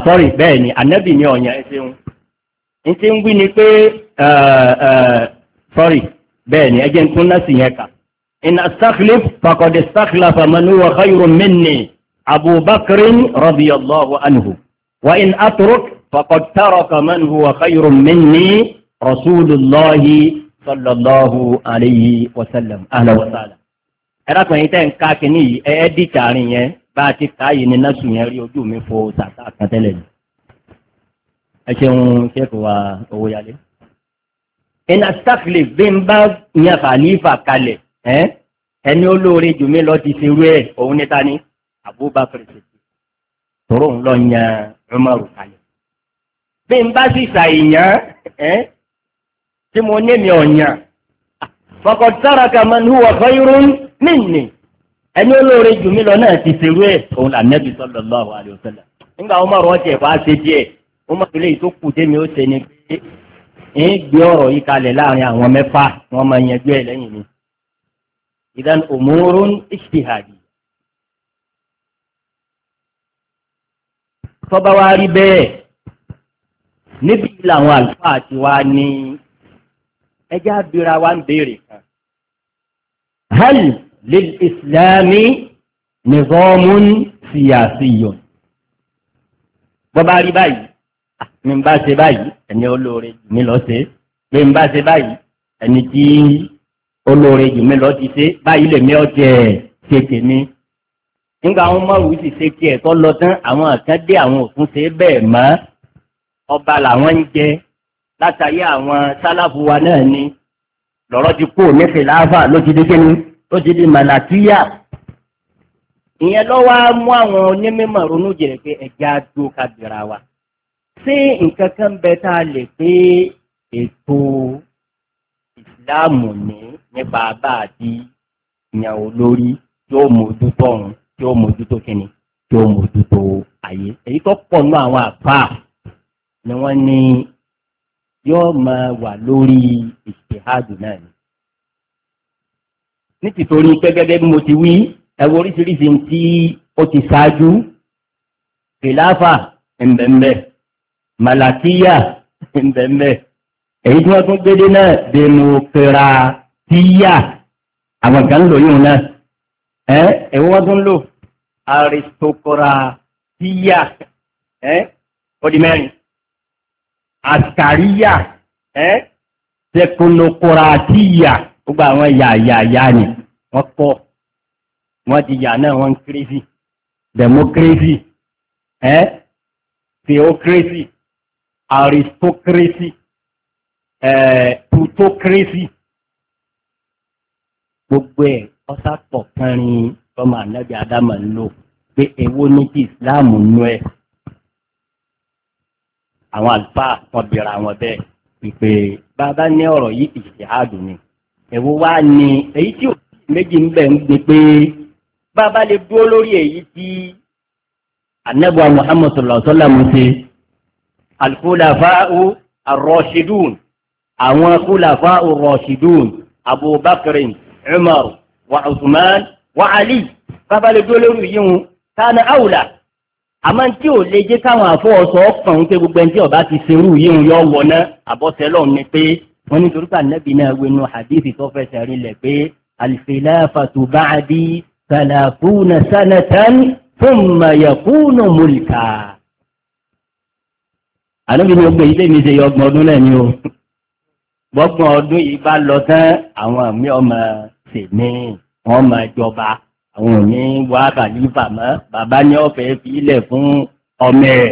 sọ́rí bẹ́ẹ̀ ni ànẹ́bì ni ọ̀yàn ẹ ń wí ni pé sọ́rí. Uh, eh, uh, eh, sorry bẹ́ẹ̀ ni ẹjẹ́ tún náà sì yẹn kà in astakhlif faqad istakhlafa man huwa khayrun minni abubakar radiyallahu anhu wa in atruk faqad taraka man huwa khayrun minni rasulullahi sallallahu alayhi wa sallam ahla wa sala ẹ̀rákùnrin tẹ́ ń ká kínní yìí ẹ dì tààrin yẹn bá a ti ká ní násù yẹn rí ojú mi fo tàtà kan ẹ ṣeun ṣe kò wá owó yálé iná stafile bí n bá yan khalifa kalẹ̀ ẹni olóore jù mí lọ ti ṣe rú òun ní ta ni Abubakar ṣètò tòrò ń lọ yan Umaru kalẹ̀ bí n bá sì ṣàìyàn tí mo ní mi ọ̀yàn faqad taraka man huwa khayrun minni ẹni olóore jù mí lọ náà ti ṣe rú òun là nẹ́bi sallallahu alaihi wasallam nígbà Umaru ọ̀tẹ̀ bá ṣe díẹ̀ Umaru lè tó kù tẹ́mi ó ṣe ni pé ń gbé ọ̀rọ̀ yìí kalẹ̀ láàrin àwọn mẹ́fà wọ́n máa yanjú ẹ̀ lẹ́yìn mi ìdán òmùrún ìṣìhàdì tọ́ba wa rí bẹ́ẹ̀ níbi làwọn àlùfáà ti wá ní ẹjẹ́ abira wa ń béèrè kan hal lil islami nizamun siyasiyun bọ́ba rí báyìí mi bá ṣe báyìí ẹni olóore jù mí lọ ṣe pé mi bá ṣe báyìí ẹni tí olóore jù mí lọ ti ṣe báyìí lèmi ọjẹ ṣe tèmi nígbà àwọn mọ̀rù sì ṣe tiẹ̀ tó lọ tán àwọn àkàn dé àwọn òfin ṣe bẹ́ẹ̀ mọ́ ọba làwọn ń jẹ látàyé àwọn sálàfù wa náà ni lọ́rọ́ ti kú nífẹ̀ẹ́ láàfà ló ti di kíni ló ti di màlàkíyà ìyẹn lọ́wọ́ á mú àwọn onímọ̀ ronú jẹ̀rẹ̀ pé ẹ̀já dúró ká bìíra wa ṣé nǹkan kan bẹ tá a lè pé ètò ìsìláàmù ní nípa bá di ìyàn olórí yóò mójútó ọ̀run yóò mójútó kínní yóò mójútó ayé èyí tó pọ̀ nú àwọn àpá ni wọ́n ní yóò máa wà lórí ìṣèhádù náà ni. ní tìtorí gẹ́gẹ́ bí mo ti wí ẹ oríṣiríṣi tí ó ti ṣáájú fìlàfà ẹ̀m̀bẹ̀m̀bẹ̀ màlàkíyà ńbẹ̀ńbẹ̀ èyí tí wọ́n tún gbédé náà dèmọkìràtíyà àwọn kan lò yóò náà ẹ ẹwọ wọn tún lò aristokuratíyà ẹ ó di mẹ́rin àkàríyà ẹ sẹkùnukuratíyà gbogbo àwọn yàyàyà ni wọ́n kọ́ wọ́n ti yà náà wọ́n ń kérésì democracy ẹ theocracy aristocracy eh, plutocracy gbogbo ẹ̀ ọ́sàpọ̀ kẹrin ọmọ ànábì adama ń lò pé èwo ní ti islam nú ẹ àwọn àlùfáà wọn bèèrè àwọn bẹ́ẹ̀ pípé bàbá ní ọ̀rọ̀ yìí ìṣèhádùn ni èwo wá ní èyí tí òkú méjì ń bẹ̀ ń gbé pé bàbá lè dúró lórí èyí tí ànábì Muhammad sallallahu alaihi wasallam ṣe alkulafa'u arrashidun àwọn kulafa'u arrashidun abubakar umar wa usman wa ali babalẹ̀ dólórí yìí ń tánà àwùlà àmọ́ tí ò lè jẹ́ káwọn àfọwọ́sọ ọkàn pé gbogbo ẹni tí ọba ti serú yìí ń yọ wọ̀ náà àbọ̀sẹ̀ lọ́run ni pé wọ́n ní torípa nẹ́bí náà wẹnu hadithi tó fẹsẹ̀ rinlẹ̀ pé alkhilafatu ba'di salafuna sanatan thumma yakunu mulka ànábì ní ogbè ilé mi ṣe yọ ọgbọ̀n ọdún lẹ́ni o gbọ́gbọ̀n ọdún yìí bá lọ tán àwọn àmì ọmọ sèmi wọn máa jọba àwọn òní wá bàlífà mọ́ bàbá ní ọ̀fẹ́ fi ilẹ̀ fún ọmọ ẹ̀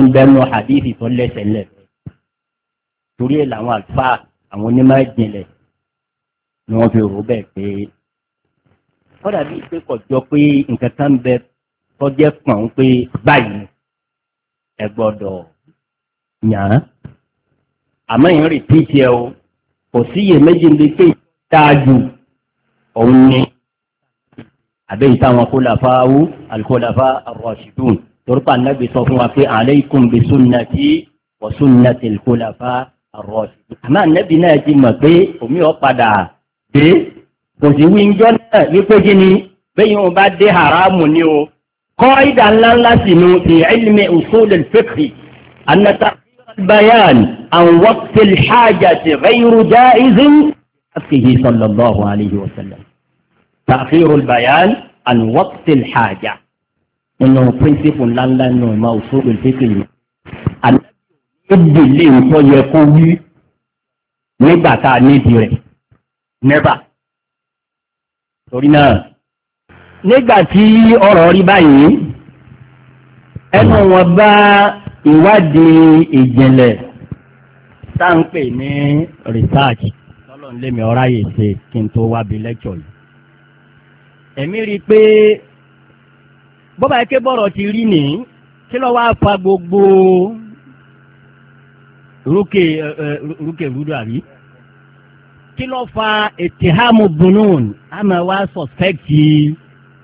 ń bẹnu àdìsí tó lẹ́sẹ̀ lẹ̀ torí ẹ̀ làwọn àlùfáà àwọn onímọ̀ ìjìnlẹ̀ ni wọ́n fi rò bẹ́ẹ̀ pé kọ́dà bíi pé kọjọ pé nǹkan kan bẹ tọ́jẹ́ pọ̀ ń pé báyìí ẹ gbọ́dọ̀ yàn án àmọ́ ìyẹn rìpíìtì ẹ o kò sí iyèméjì ń bi pé dáájú òun ni àbẹ́ yìí táwọn kólàfà wú alikólàfà ar-rashidun torípa nàbì sọ fún wa pé alaykum bi sunnati wa sunnati al-khulafa ar-rashidun ànábì náà ti mọ̀ pé omi ọ̀ padà dé kò sí wíńjọ́ náà wípé kí ni bẹ́ẹ̀ yìí bá dé haramu ni o. قاعدة لا سنو في علم أصول الفقه أن تأخير البيان عن وقت الحاجة غير جائز فيه صلى الله عليه وسلم تأخير البيان عن وقت الحاجة إنه برنسيب لا لا إنه أصول الفقه أن ìdílé nǹkan yẹ kó wí nígbà tá a nígbà tí ọ̀rọ̀ rí báyìí ẹnu wọn bá ìwádìí ìjìnlẹ̀ tá à pè ní research lọ́lọ́run lémi ọ̀rá yìí ṣe kí n tó wábi lecture yìí. èmi rí i pé bọ́bá ike bọ́rọ̀ ti rí ni kí ló wáá fa gbogbo rúkè rúkè rúdò àrí kí ló fa ètìhámù bunun àmọ́ wá suspect yìí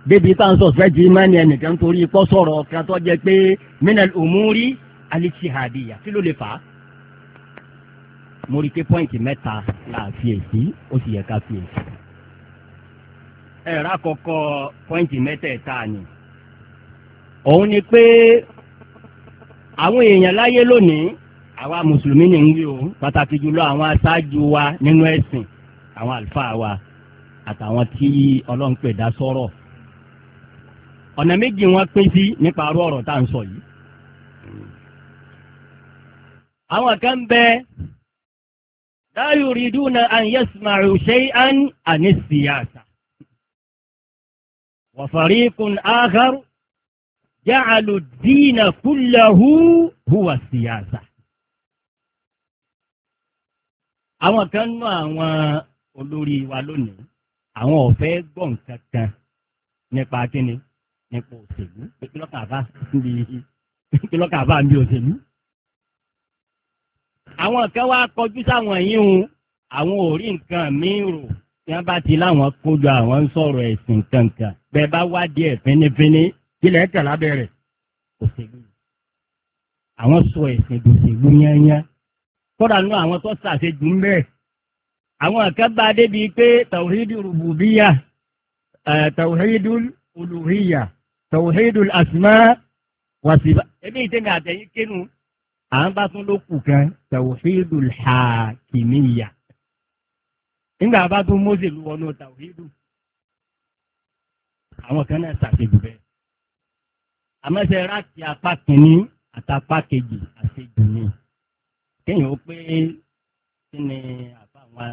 débi tá à ń sọ fẹ́ẹ́tì imáni ẹnìkan torí pọ́ sọ̀rọ̀ kan tó jẹ́ pé minal umuri al-ijtihadiyya kí ló lè fà á. mo rí i pé pọ́ìntì mẹ́ta là fi èsì ó sì yẹ ká fi èsì. ẹ̀rọ àkọ́kọ́ pọ́ìntì mẹ́tẹ̀ẹ̀ta ni. òun ni pé àwọn èèyàn láyé lónìí àwa mùsùlùmí ni ń wí o pàtàkì jùlọ àwọn aṣáájú wa nínú ẹ̀sìn àwọn àlùfáà wa àtàwọn tí ọlọ́run pè dá sọ́rọ̀ ọ̀nà méjì wọn pín sí nípa arú ọ̀rọ̀ tá à ń sọ yìí. àwọn kan bẹ la yuriduna an yasma'u shay'an anis siyasa. wa fariqun akhar ja'alu ad-dina kullahu huwa siyasa. àwọn kan nú àwọn olórí wa lónìí àwọn ò fẹ́ gbọ́ nípa kíni nípa òṣèlú pé kí lọ́kà bá níbi kí lọ́kà bá níbi òṣèlú. àwọn kan wá kọjú sáwọn yín o àwọn ò rí nǹkan míì rò tí wọ́n bá ti láwọn kójú àwọn ń sọ̀rọ̀ ẹ̀sìn kankan bẹ́ẹ̀ bá wádìí ẹ̀ fínífíní kí lẹ́ẹ̀ tẹ̀ lábẹ́rẹ̀ òṣèlú. àwọn sọ ẹ̀sìn dòṣèlú yányán kódà nú àwọn tó ṣàṣejù ń bẹ́ẹ̀ àwọn kan bá débi pé tàwíìdì rùbùbíyà tàwíìdì olùhíyà tawhidul asma wa sifa èmi ìdẹ́mi àtẹ̀yìn kínú à ń bá tún ló kù kan tawhidul hakimiyya nígbà bá tún Mósè lu wọnú tawhidu àwọn kan náà ṣàṣejù bẹ́ẹ̀ àmọ́sẹ̀ ráàkì apá kìíní àtàpá kejì àṣejù ni kéèyàn ó pé kí ni àbáwọn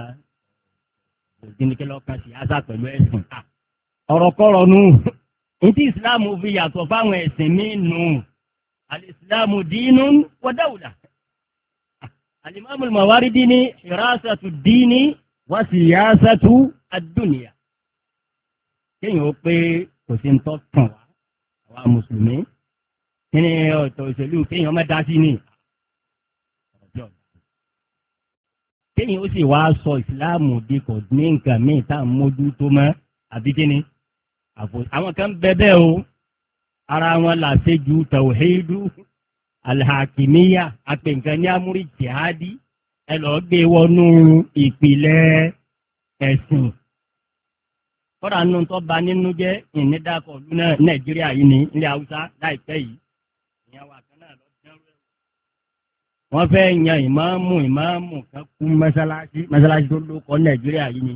òdìníkẹ́lọ́kan sì á sà pẹ̀lú ẹ̀sìn ọ̀rọ̀ nù ètí ìsìláàmù fi yàtọ̀ fáwọn ẹ̀sìn míì nù alìsìláàmù dínú wọ́dáwùdà alimami mawaridi ni hirasatu dini wa siyasatu adúniya kéèyàn ó pé kò sí ń tọ́ tàn wá àwa mùsùlùmí kí ni ọ̀tọ̀ òṣèlú kéèyàn má dá sí ni kéèyàn ó sì wá sọ ìsìláàmù di kò ní nǹkan míì tá à ń mójú tó mọ́ àbí kí ni àwọn kan bẹ bẹ́ẹ̀ o ara wọn là ṣe ju tawhidu alhakimiya àpè nǹkan ní amúrí jihadi ẹ lọ gbé wọnú ìpìlẹ̀ ẹ̀sìn kọ́ra nínú tó ba nínú jẹ́ ìnídàkọ̀ ọdún náà nàìjíríà yìí ní ilẹ̀ haúsá láìpẹ́ yìí ìyẹn wà kan wọ́n fẹ́ yan ìmáàmù ìmáàmù kan kú mọ́sálásí mọ́sálásí tó lóko nàìjíríà yìí ni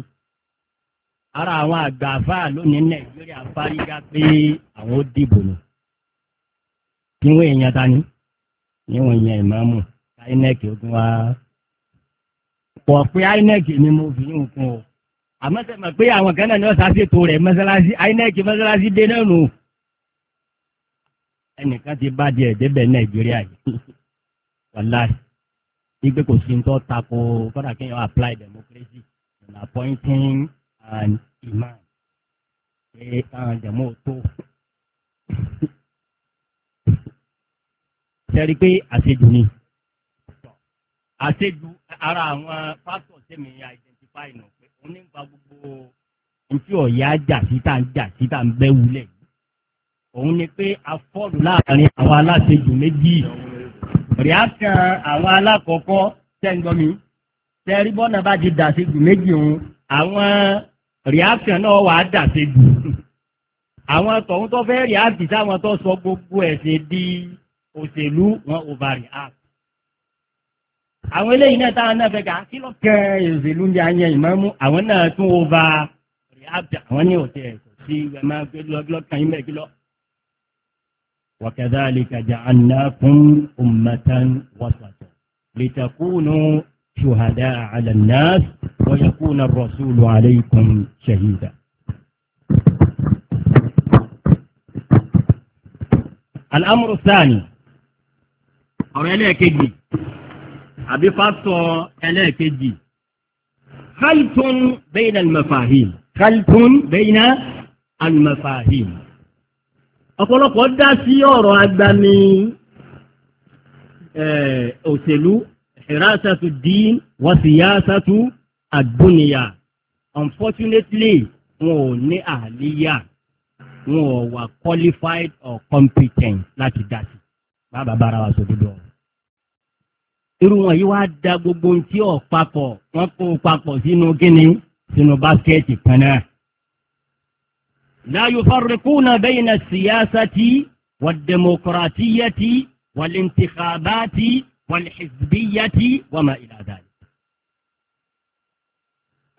ara àwọn àgbààfà lónìí nàìjíríà fárígá pé àwọn ó dìbò ni níwọ̀n èèyàn ta ni níwọ̀n èèyàn ìmáàmù inec ogun wa pọ̀ pé inec ni mo fi ń kun o àmọ́ sẹ́mi pé àwọn kan náà ni wọ́n ṣàṣètò rẹ̀ mọ́sálásí inec mọ́sálásí dé náà nù ẹnìkan ti bá díẹ̀ débẹ̀ nàìjíríà yìí wàláì wípé kò sí ní tó tako kọ́dà kéèyàn apply democracy in appointing and imam pé àwọn jàmọ́ tó sẹ́rí pé àṣejù ni àṣejù ara àwọn pásítọ̀ sẹ́mi identify nù pé òun ní gba gbogbo ntí ọ̀yá jà síta ń jà síta ń bẹ́ wulẹ̀ òun ni pé afọ́ọ̀lù láàrin àwọn aláṣejù méjì reaction àwọn alákọ̀ọ́kọ́ tẹ́ǹgbọ́n mi tẹ́rí bọ́nà bá ti dàṣejù méjì òun àwọn reaction náà wà á dà sí dù àwọn tọ̀hún tó fẹ́ react sáwọn tó sọ gbogbo ẹ̀sìn di òṣèlú wọn over react àwọn eléyìí náà táwọn náà fẹ́ ká kí ló kẹ òṣèlú ní ayé ìmọ̀mú àwọn náà tún over react àwọn ní òṣè ẹ̀sìn sí ẹ̀ máa gbé lọ́kàn yín bẹ́ẹ̀ kí lọ. وكذلك جعلناكم أمة وسطا لتكونوا شهداء على الناس ويكون الرسول عليكم شهيدا الأمر الثاني أو إليك جي أبي فاسو إليك جي خلط بين المفاهيم خلط بين المفاهيم أقول قد سيور أدامي آه، أوسلو hirasatu din wa siyasatu ad-dunya unfortunately wọn ò ní àlíyà wọn ò wà qualified or competent láti dá sí bàbá bára wa sọ dúdú ọ̀rọ̀ irú wọn yìí wàá da gbogbo ohun tí ò papọ̀ wọn kó papọ̀ sínú kíni sínú báskẹ́ẹ̀tì kan náà. la yufarriquna bayna as-siyasati wad-demokratiyyati wal-intikhabati wàlìhìsbíyàtì wàmà ìlàdà.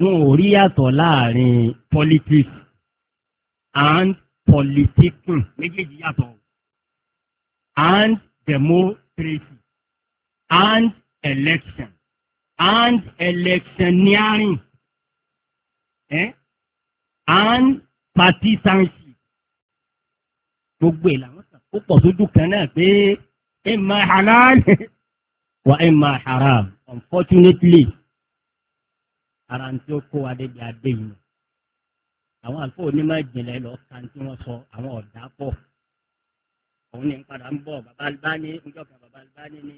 wọn ò rí yàtọ̀ láàrin politics and politician méjèèjì yàtọ̀ and democracy and election and electioneering eh? and partisanship gbogbo ìlànà púpọ̀ sójú kan náà pé ẹ máa halal. [laughs] wa imma haram unfortunately ara ń tí ó kó wa débi adé yìí àwọn àlùfáà onímọ̀ ìjìnlẹ̀ lọ ka tí wọ́n sọ àwọn ọ̀dà pọ̀ òun ni padà ń bọ̀ bàbá Albani níjọ́ kan bàbá Albani ni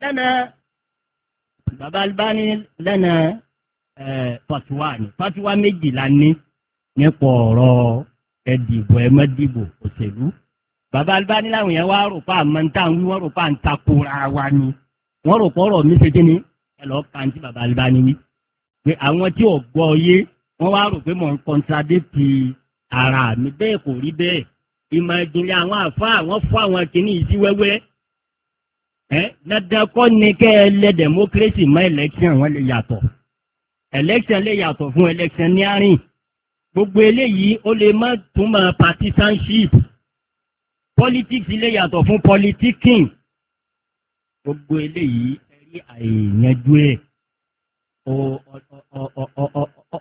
lẹ́nà bàbá Albani lẹ́nà eh, fatuwa ni fatuwa méjìlá ní nípa ọ̀rọ̀ ẹ̀dìbò ẹ̀mẹ́dìbò òṣèlú bàbá Albani láwọn yẹn wá rò pa àmọ́ ń tà ń wí wọ́n rò pa ń takora wa ni wọ́n rò pọ̀rọ̀ mi ṣe kíni ẹ lọ ka ní ti bàbá Albani wí pé àwọn tí ò yé wọ́n wá rò pé mò ń kọ́ntradétì ara mi bẹ́ẹ̀ kò rí bẹ́ẹ̀ ìmọ̀ ìjìnlẹ̀ àwọn àfa àwọn fọ́ àwọn kìíní yìí sí wẹ́wẹ́ ẹ dandan kọ́ ni kẹ́ ẹ lẹ democracy mọ́ election wọn lè yàtọ̀ election lè yàtọ̀ fún election ní àárín gbogbo eléyìí ó lè má túmọ̀ partisanship politics lè yàtọ̀ fún politicking gbogbo eléyìí ẹ̀rí àìyànjú ẹ̀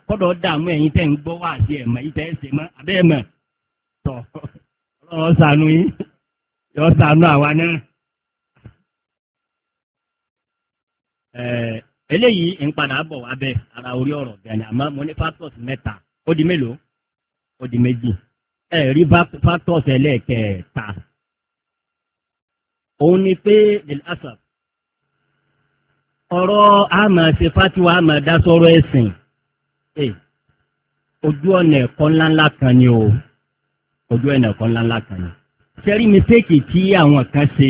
kọ́dọ̀ dààmú ẹ̀yin tẹ́ ń gbọ́ wá sí ẹ̀ mọ̀ ìtẹ́ ẹ̀sẹ̀ mọ́ abẹ́ ẹ̀ mọ̀ tọ̀ ọlọ́run ṣàánú ọ yọ ṣàánú àwa náà. eléyìí ń padà bọ̀ wá bẹ́ẹ̀ ara orí ọ̀rọ̀ bẹ́ẹ̀ ọ àmọ́ mo ní factors mẹ́ta ó di mélòó ó di méjì factors òun ni pé lẹ́lẹ́sà ọ̀rọ̀ àmà ṣe fátiwá àmà dá sọ̀rọ̀ ẹ̀sìn ojú ọ̀nà ẹ̀kọ́ ńláńlá kan ni o ojú ọ̀nà ẹ̀kọ́ ńláńlá kan ni. sẹ́rí mistake tí àwọn kan ṣe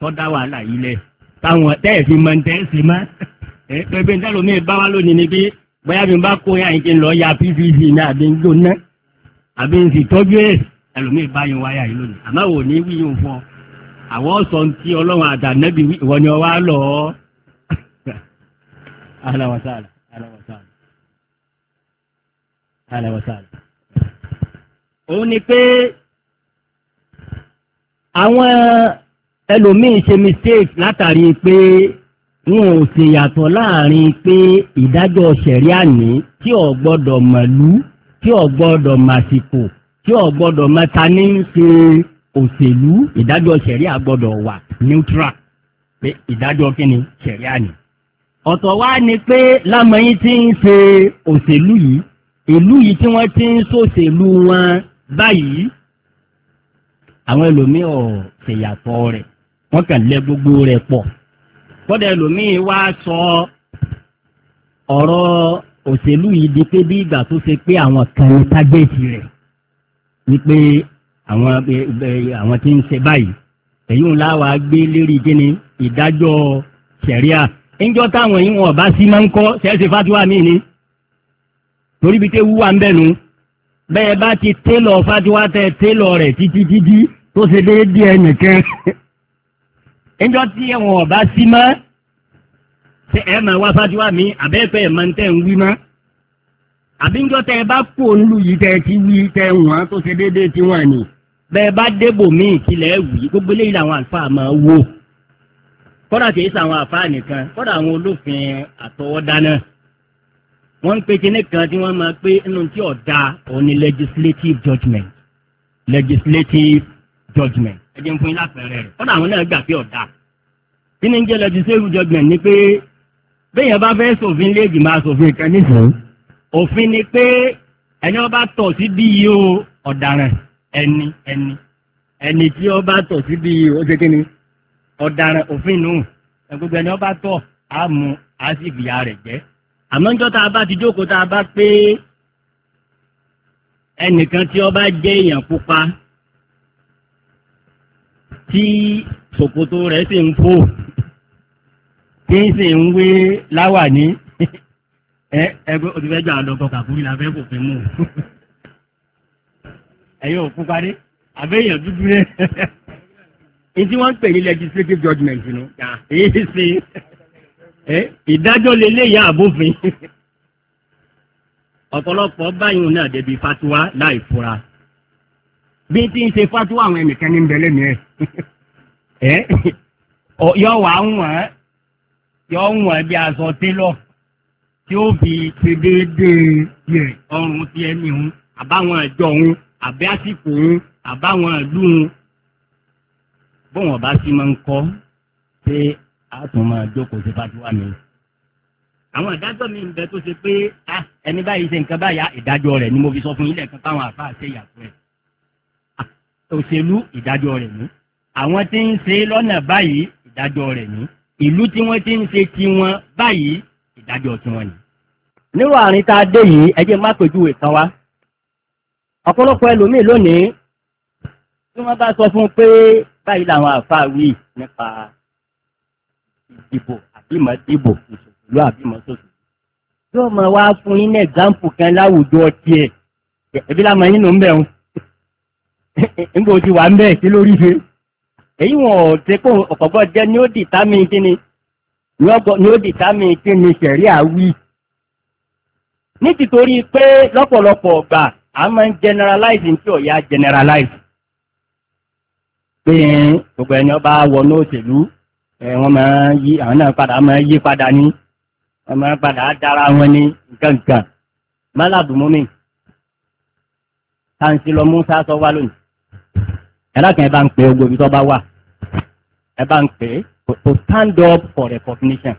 tọ́dá wàhálà yìí lẹ̀ táwọn tẹ́ẹ̀ fi mọ tẹ́ẹ̀ sí mọ́ ẹgbẹ́ ń dálómi bá wá lónìí ni pé bóyá mi bá kó yàn kí n lọ ya pvc ní àbí ń àbí ń sì tọ́jú ẹ̀ ẹlòmíì bá yín wáyà yìí lónìí àmọ́ àwọn sọ ti ọlọ́run àdànẹ́bí ìwọ ni ọwá lọ alawasala alawasala alawasala. òun ni pé àwọn ẹlòmíín ṣe mistake látàrí pé wọn ò ṣe yàtọ̀ láàrin pé ìdájọ́ ṣẹ̀ríà ní tí ò gbọ́dọ̀ mọ̀lú tí ò gbọ́dọ̀ màsìkò tí ò gbọ́dọ̀ mẹ́ta ní í ṣe òṣèlú ìdájọ́ sẹ̀ríà gbọ́dọ̀ wà neutral pé ìdájọ́ kí ni sẹ̀ríà ni. ọ̀tọ̀ wá ni pé lámọ̀yín ti ń ṣe òṣèlú yìí ìlú yìí tí wọ́n ti ń ṣòṣèlú wọn báyìí àwọn ẹlòmíì ò ṣèyàtọ̀ rẹ̀ wọ́n kàn lẹ gbogbo rẹ̀ pọ̀ kọ́dà ẹlòmíì wá sọ ọ̀rọ̀ òṣèlú yìí di pé bí ìgbà tó ṣe pé àwọn kan ní tágẹ́ẹ̀tì rẹ̀ wípé àwọn àwọn tí ń ṣe báyìí èyí ń láwa gbé lérí kíni ìdájọ́ sẹ̀ríà ńjọ́ táwọn yìí wọn ọ̀bá sí máa ń kọ́ ṣẹ́ẹ́sì fatiwa míì ni torí bíi tẹ́ wúwa ń bẹ̀ nu bẹ́ẹ̀ bá ti télọ̀ fatiwa tẹ télọ̀ rẹ̀ títí títí tó ṣe déédéé ẹnìkan ńjọ́ tí wọn ọ̀bá sí máa ṣe ẹ máa wá fájúwà mi àbẹ́fẹ́ ẹ̀ máa ń tẹ̀ ń wí mọ́. àbíńjọ́ tẹ ẹ bá kú òǹlù yìí tẹ ti wí tẹ wọ́n tó ṣe déédéé tiwọn ni bẹ́ẹ̀ bá débò míì tilẹ̀ wì gbogbo eléyìí làwọn àlùfáà máa wò kọ́dà kìí sàwọn àfáà nìkan kọ́dà àwọn olófin àtọwọ́dá náà wọ́n ń pe kinní kan tí wọ́n máa pé inú tí ọ̀dà òun ni legislative judgement legislative judgement ẹ̀jẹ̀ ń fún yín lápẹ̀rẹ̀ rẹ̀ kọ́dà àwọn náà gbà pé ọ̀dà kí ni ń jẹ́ legislative judgement ni pé bẹ́ẹ̀yàn bá fẹ́ ṣòfin léèjì máa ṣòfin kan nísìnyí òfin ni pé ẹni wọ́n bá tọ̀ sí bí yìí ọ̀daràn ẹni ẹni ẹni tí ó bá tọ̀ síbi òṣèkínni ọ̀daràn òfin nù gbogbo ẹni ó bá tọ̀ á mu á sì fìyà rẹ̀ jẹ́ àmọ́ níjọ́ tá a bá ti jókòó tá a bá pé ẹnìkan tí ó bá jẹ́ èèyàn pupa tí ṣòkòtò rẹ̀ sì ń fò tí ń sì ń wé láwà ní [laughs] ẹgbẹ́ òtún fẹ́ gbà lọ́kọ̀ kàkúrú la fẹ́ kò fẹ́ mú o. [laughs] ẹ̀yin ò pupa ní àbẹ́yẹn dúdú ní. etí wọ́n ń pè ní legislative judgment, nù èyí ṣe ìdájọ́ lélẹ́yà àbófin ọ̀pọ̀lọpọ̀ báyìí náà débi fatiwa láì fura bí tí ń ṣe fatiwa àwọn ẹnìkan ní bẹ̀lẹ̀ mi ẹ̀ yọ wà ń wọ̀n yọ ń wọ̀n bí aṣọ télọ̀ tí ó fi ṣe déédéé yẹ ọrùn ti ẹni hun àbáwọn ẹjọ́ hun àbí àsìkò àbáwọn ìlú bọ́wọ̀n bá sí máa ń kọ́ pé a tún máa jókòó sí fatiwa mi. àwọn ìdájọ́ mi ń bẹ tó ṣe pé ẹni báyìí ṣe nǹkan báyà ìdájọ́ rẹ̀ ni mo fi sọ fún ilé ẹ̀kan táwọn àfáà ṣe yàtọ̀ ẹ̀. òṣèlú ìdájọ́ rẹ̀ ni àwọn tí ń ṣe lọ́nà báyìí ìdájọ́ rẹ̀ ni ìlú tí wọ́n ti ń ṣe tiwọn báyìí ìdájọ́ tiwọn ni. nírò àárín tá a dé yìí ẹ jẹ́ má pèjúwe kan wá ọ̀pọ̀lọpọ̀ ẹlòmíì lónìí tí wọ́n bá sọ fún un pé báyìí làwọn àáfàá wí nípa ìdìbò àbímọ dìbò ìṣòṣèlú àbímọ ṣòṣèlú yóò máa wá fún yín ní ẹ̀gáǹpù kan láwùjọ tiẹ̀ ẹ̀bí làmọ́ yín nù ń bẹ̀ ń nígbà tí wà ń bẹ̀ sí lórí ṣe èyí wọn ò ṣe kó ọ̀kọ̀ọ̀kan jẹ́ ni ó dìtámì kíni ni ó dìtámì kíni ṣẹ̀rí àwí ní tìtorí pé lọ́pọ̀lọpọ̀ ọ̀gbà a máa ń generalize tí ò generalize pé gbogbo ẹni ọba wọnú òṣèlú wọ́n máa yí àwọn náà padà máa yí padà ní wọ́n máa padà dára wọn ní gàngàn málàdùmọ́mì tansilọ musa sọ wá lónìí ẹlẹ́kàn ẹ bá ń pè é gbòbí tó bá wà ẹ bá ń pè é to stand up for recognition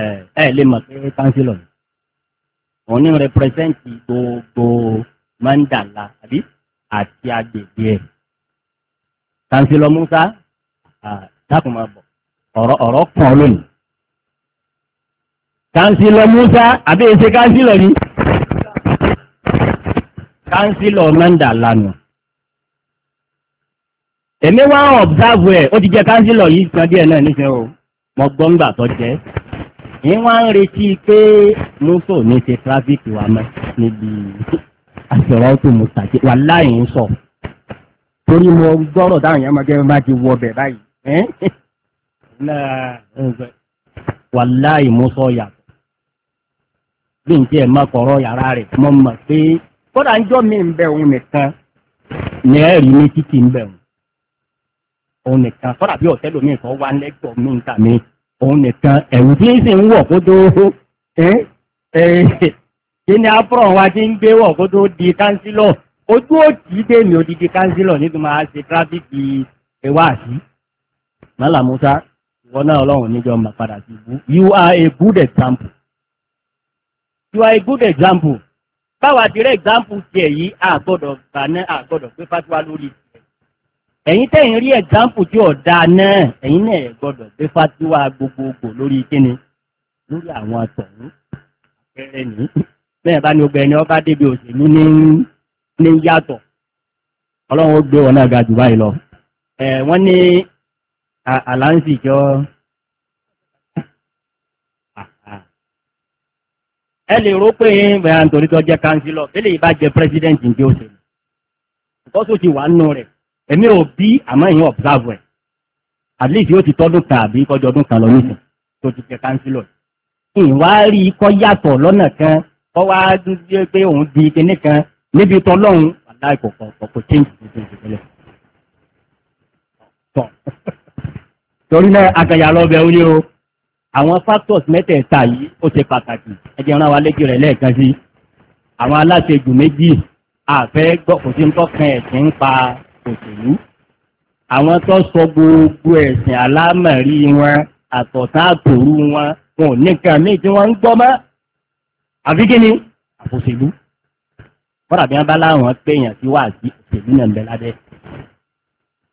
ẹ ẹ lè mọ̀ pé tansilọ ni òun ní rẹpẹrẹsẹ́ǹtì gbogbo mandala àbí àti agbègbè ẹ̀ kansilọ musa dákun máa bọ̀ ọ̀rọ̀ kan lónìí kansilọ musa àbí èsè kansilọ ni kansilọ mandala nù èmi wá ọ̀bùsáàbù ẹ̀ ó ti jẹ́ kansilọ yìí kan díẹ̀ náà níṣẹ́ o mo gbọ́ ń gbà tó jẹ́ yín wá ń retí pé mọ́tò ní ṣe tíráfíìkì wa mọ́ níbi àṣọ̀rọ̀ tó mú tàkì wà láì ń sọ torí mo gbọ́rọ̀ dáhùn yẹn máa máa ti wọ bẹ̀ báyìí wà láì mú sọ yàtọ̀ bí n tiẹ̀ má kọ̀rọ̀ yàrá rẹ̀ mo mọ̀ pé kódà ń jọ́ mi ń bẹ̀ òun nìkan ní ẹ̀rí ní títì ń bẹ̀ òun nìkan kódà bí ọ̀tẹ́lómi kan wá lẹ́gbọ̀ọ́ mi ń tà mí òun nìkan ẹ̀rù tí ń sì ń wọ̀ kó tó kí ni apron wa ti ń gbé wọ̀ kó tó di kánsílọ̀ ojú òtí dèmi odidi kánsílọ̀ nítorí máa ṣe tráfíkì ẹwà sí mọ́là musa ìwọ náà ọlọ́run níjọ mà padà sí ibú you are a good example you are a good example báwa direct example tiẹ̀ yìí àgbọ̀dọ̀ gbà náà àgbọ̀dọ̀ pé fatiwa lórí ti ẹ̀yin tẹ̀yìn rí ẹ̀gáǹpù tí ọ̀dà náà ẹ̀yin náà gbọ́dọ̀ gbé fatiwa gbogbogbò lórí kíni lórí àwọn àtọ̀hún àpẹẹrẹ ní bẹ́ẹ̀ bá ní gbogbo ẹni ọba débi òṣèlú ní ní yàtọ̀ ọlọ́run ó gbé wọn náà ga jù báyìí lọ. ẹ wọ́n ní àlàǹsì jọ ẹ lè rò pé bẹ́ẹ̀ nítorí tó jẹ́ kánsílọ̀ bí lè bá jẹ́ pírẹ́sídẹ̀ǹtì ní òṣèlú ìtọ́sọ̀ ti wà nù rẹ̀ èmi ò bí àmọ́ ìyẹn observe ẹ̀ at least yóò ti tọ́dún kan àbí kọjọ ọdún kan lọ nísìn tó ti jẹ kánsílọ̀ ìwárí kọ́ yàtọ̀ lọ́nà kan kọ́ wá dúdú pé òun di kinní kan níbi tọ́lọ́run wàlá ìkọ̀kọ̀ kò change tuntun ìpínlẹ̀ tọ̀ [laughs] torí náà akẹyà lọ́bẹ̀ ó ní o àwọn factors mẹ́tẹ̀ẹ̀ta yìí ó ṣe pàtàkì ẹ jẹ́ rán wa létí rẹ̀ lẹ́ẹ̀kan sí àwọn aláṣejù méjì àfẹ́ gbọ́ kò sí ń tọ́kàn ẹ̀sìn ń pa òṣèlú àwọn tó sọ gbogbo ẹ̀sìn alámọ̀rí wọn àtọ̀tá àtòrú wọn wọn ò ní nǹkan míì tí wọ́n ń gbọ́ mọ́ àfi kí ni àfòṣèlú kọ́dà bí wọ́n bá láwọn péyàn sí wà sí òṣèlú náà ń bẹ lábẹ́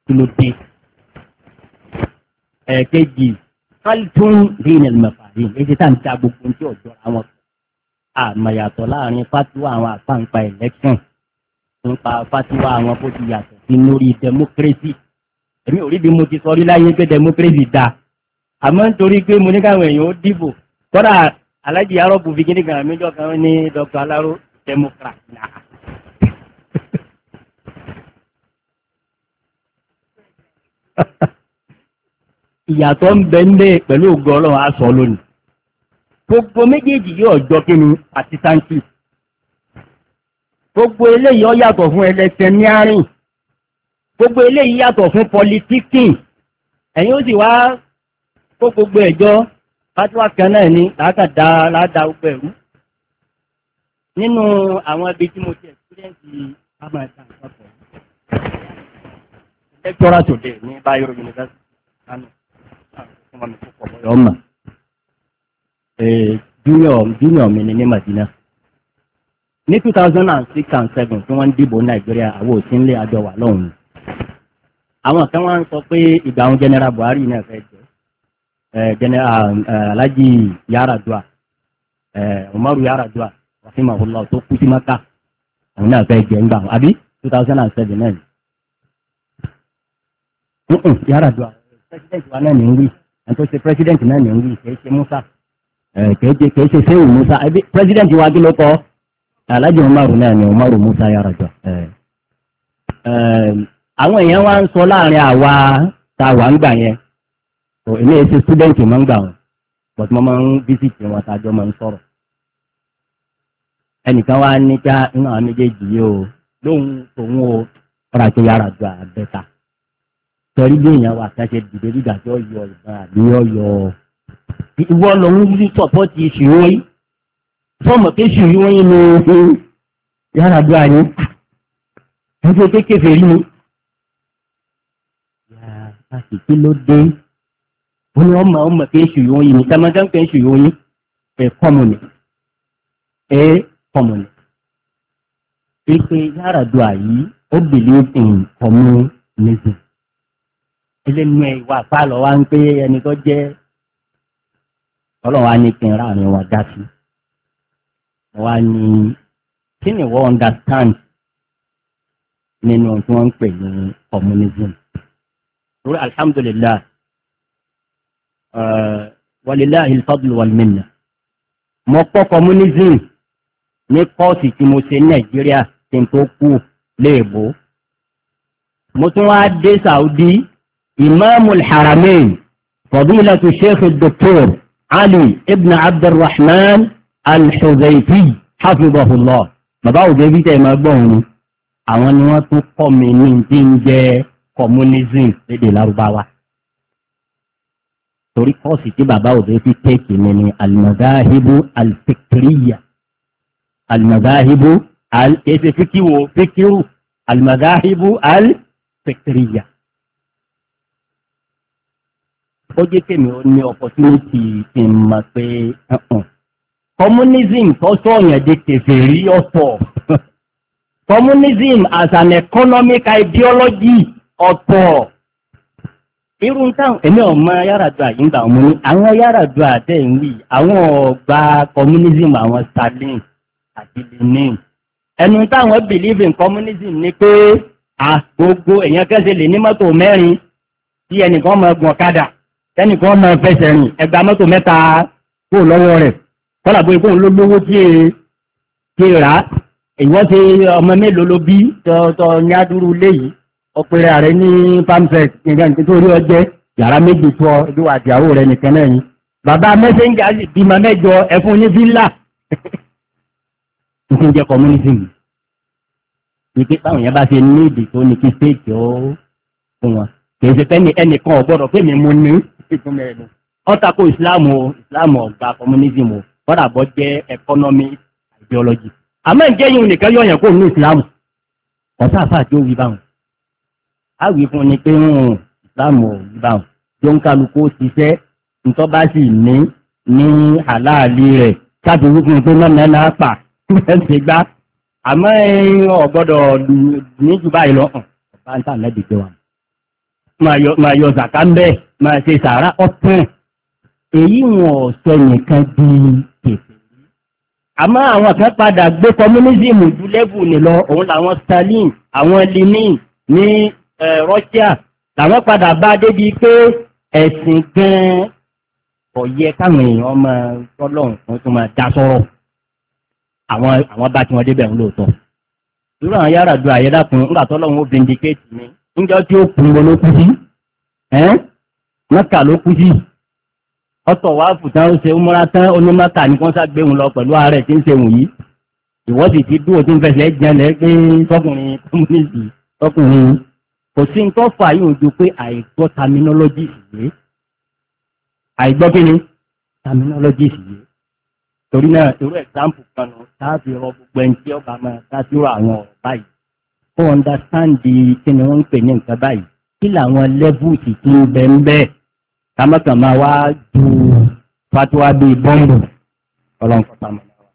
kí ló dé ẹ̀ẹ́kejì kálítún bíi ẹ̀lmẹ̀fàrí èyí tá à ń ta gbogbo ní ọ̀dọ́ àwọn àmọ̀yàtọ̀ láàrin fátíwá àwọn àpáǹpa election nípa fátíwá àwọn bó ìnúrí democracy èmi ò rí bí mo ti sọ rí láyé pé democracy da àmọ́ nítorí pé mo ní káwọn èèyàn ó dìbò kọ́dà alájì arọ́bù fi kíní kan àmìjọ kan ní dr alaro democrat náà. [laughs] ìyàtọ̀ ń bẹ ńlẹ̀ pẹ̀lú ògo ọlọ́run á sọ lónìí gbogbo méjèèjì yóò jọ kíni àti táǹkì gbogbo eléyìí ó yàtọ̀ fún ẹlẹ́sẹ̀ ní àárín gbogbo eléyìí yàtọ̀ fún politikin ẹ̀yin ó sì wá kó gbogbo ẹ̀jọ́ fatiwa kan náà ni láàkàdá láàdá gbogbo ẹ̀rú nínú àwọn ibi tí mo ti ẹ̀sìdẹ́ǹtì amọ̀ẹ̀ta àpapọ̀ lẹ́kítọ́rà tòde ní Bayero University kánò ọmọ mi tó pọ̀ bọ́yọ̀ ọmọ junior mi ni ní Madina ní 2006 and seven. tí wọ́n ń dìbò Nàìjíríà àwọn òsínlé àjọwà lọ́hùn-ún àwọn kan wá ń sọ pé ìgbà àwọn general Buhari náà fẹ́ jẹ́ general Alhaji Yaradua Umaru Yaradua rahimahullah tó kú sí Maka àwọn náà fẹ́ jẹ́ ńgbà àbí two thousand and seven náà Yaradua president wa náà ní wí àti ó ṣe president náà ní wí kì ṣe Musa kì í ṣe sẹ́wù Musa president wa kí ló kọ́ Alhaji Umaru náà ní Umaru Musa Yaradua. àwọn èèyàn wá ń sọ láàrin àwa ta wà ń gbà yẹn tó èmi student mọ̀ ń gbà wọn but mo máa ń visit wọn tàjọ máa ń sọ̀rọ̀ ẹnìkan wá ní ká inú àwọn o lóhun tòun o ju àbẹ́ta torí bí èèyàn wà dìde dídà tí ó yọ ìbọn àbí ó yọ ìwọ lòun ní sọpọ́tì ìṣòro fọ́ọ̀mù pé ìṣòro yìí ni yàrá ju àyè ẹgbẹ́ kékeré a sì kí ló dé ó ní ọmọ ọmọ pé ń ṣùyọ oyin nìkan máa dáńpẹ́ ń ṣùyọ oyin ẹ̀ kọ́mù ni ẹ̀ kọ́mù ni. pípé yàrá do àyí ó believe in communism ẹlẹ́nu ẹ̀ ìwà àpáàlọ́ wa ń pé ẹni tó jẹ́ ọlọ́wà ní kí n rà mí wọn dá sí wa ni kí ni wọ́n understand nínú tí wọ́n ń pè ní communism torí alhamdulillah eh, walilahi alfadl walminna mo kọ́ communism ní kọ́ọ̀sì tí mo ṣe ní nàìjíríà tí n tó kú léèbó mo tún wá dé saudi imamul haramain fadilatu sheikh dr ali ibn abdulrahman al-hudhayfi hafidhahullah òde bí tẹ̀ máa gbọ́ òun àwọn ni wọ́n tún kọ́ mi ní ti communism lédè lárúbáwá torí kọ́ọ̀sì tí bàbá òde fi tẹ́ẹ̀kì mi ni alimadahibu alfikiriya alimadahibu al kèsè fikiwo fikiru alimadahibu alfikiriya. ó jẹ́ kèmí ó ní opportunity kí n mọ̀ pé communism tó sọ̀yàn di kèfèrí ọ̀tọ̀ [laughs] communism as an economic ideology ọ̀pọ̀ irú táwọn èmi ọmọ yàràdùà yìí ń bà mú ní àwọn yàràdùà dẹ̀ ń wí àwọn ọgbà communism àwọn Stalin àti Lenin ẹnu táwọn believe in communism ni pé àgbogbo èèyàn kẹsẹ̀ lè ní mọ́tò mẹ́rin tí ẹnìkan máa gun ọ̀kadà tẹnìkan máa fẹsẹ̀ rìn ẹgbàá mọ́tò mẹ́ta kó lọ́wọ́ rẹ̀ kọ́lá bóyá kóun ló lówó tí e ti rà ìwọ́n ti ọmọ mélòó ló bí tọ́ tọ́ ní léyìí ọpẹrẹ ààrẹ ní pamsec nígbà tó rí ọjẹ yàrá méjì tó ọ ìdíwà àtìyàwó rẹ nìkan náà yìí bàbá mẹsẹńgà sì bímọ mẹ́jọ ẹfun ní fílà tuntun jẹ communism wípé báwọn yẹn bá ṣe ní ìdì tó ní kí stéèjì ó fún wọn kì í ṣe pé ẹnìkan ò gbọ́dọ̀ pé mi mo ní ìtumọ̀ ẹnu ọ̀tàkó ìsìláàmù o ìsìláàmù ọ̀gá communism o bọ́dà bọ́ jẹ́ economic ideology àmọ́ ìjẹ́yìn nìkan yọ̀yàn kó ní ìsìláàmù ọ̀sá àfáà tí ó wí báwọn àwì fún ni pé ń ìsìláàmù ìbá wọn tó ń kálukú ṣiṣẹ́ ntọ́ bá sì ní ní àláàlì rẹ̀ káàtó wípé pé mọ́nà náà pa mẹ́sẹ̀ [laughs] gbá àmọ́ ọ̀gbọ́dọ̀ níjú báyìí lọ hàn bá ń tà mẹ́bí jẹ wa máa yọ zàká ń bẹ́ẹ̀ máa ṣe sàárà ọ̀pẹ́ èyí wọn ò nìkan di kèfè àmọ́ àwọn kan padà gbé communism ju lẹ́bù nìlọ òun làwọn Stalin àwọn Lenin ní Russia làwọn padà bá débi pé ẹ̀sìn gan-an kò yẹ káwọn èèyàn máa tọ́lọ́run kan tó máa dá sọ́rọ̀ àwọn àwọn bá tiwọn débẹ̀ ń lóòótọ́ irú àwọn yàrá du àyẹ̀dá kan ńgbà tọ́lọ́run ó vindicate mi ńjọ́ tí ó kún mo ló kú sí mọ́kà ló kú sí ọ̀tọ̀ wàá fùtán ó ṣe ó múra tán ó ní mọ́kà ní kọ́ńtà gbéhùn lọ pẹ̀lú ààrẹ tí ń ṣe wù yìí ìwọ́sì ti dúró tí ń fẹsẹ̀ jẹun lẹ́gbẹ́ tọkùnrin kọ́múnísì tọkùnrin kò sí ń tọ́fà yóò ju pé àìgbọ́ terminology yìí àìgbọ́ kí ni terminology yìí torí náà irú ẹ̀sáǹpù kan nù táàbì ọ̀rọ̀ gbogbo ẹni tí ọba máa dájúrò àwọn ọ̀rọ̀ báyìí kó ọ̀ndásáǹdì kí ni wọ́n ń pè ní nǹkan báyìí kí làwọn lẹ́bùsì tí ń bẹ ń bẹ́ẹ̀ kámọ́kàn máa wá ju fatuwa bíi bọ́ǹbù ọlọ́nkọ́ta mọ̀ náà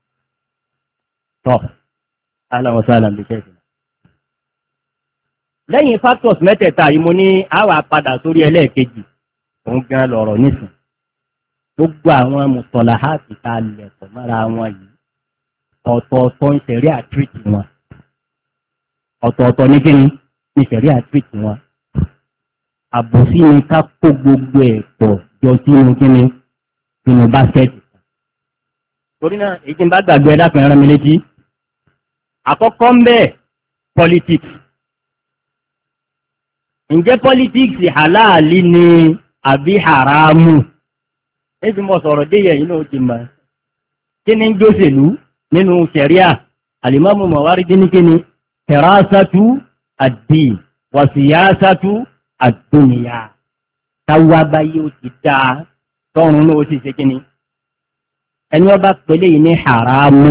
tọ́ àlọ́ wọ́n sọ lẹ́yìn factors mẹ́tẹ̀ẹ̀ta yìí mo ní àwa padà sórí ẹlẹ́ẹ̀kejì òun gan lọ̀rọ̀ nísìn gbogbo àwọn mùsọ̀lá háàtì tá a lẹ̀ pọ̀ mọ́ra wọn yìí ọ̀tọ̀ọ̀tọ̀ ń ṣẹ̀rí wọn ọ̀tọ̀ọ̀tọ̀ ní kíni ń ṣẹ̀rí wọn ni ká kó gbogbo jọ sínú sínú torí náà èyí tí bá gbàgbé ẹ̀dá ǹjẹ́ politics halali ni àbí haramu ẹ̀sìn mọ̀ sọ̀rọ̀ déyẹ̀ yìí náà ti mọ̀ kí ni gbóṣèlú nínú sẹ̀ríà alimamu mawaridi ní kí ni tẹ̀rásátú àdì wàsíyásátú àdúnìyà táwábáyé ó ti dá tọrùn náà ó ti ṣe kí ni ẹni ọba pẹ̀lẹ́ yìí ní haramu.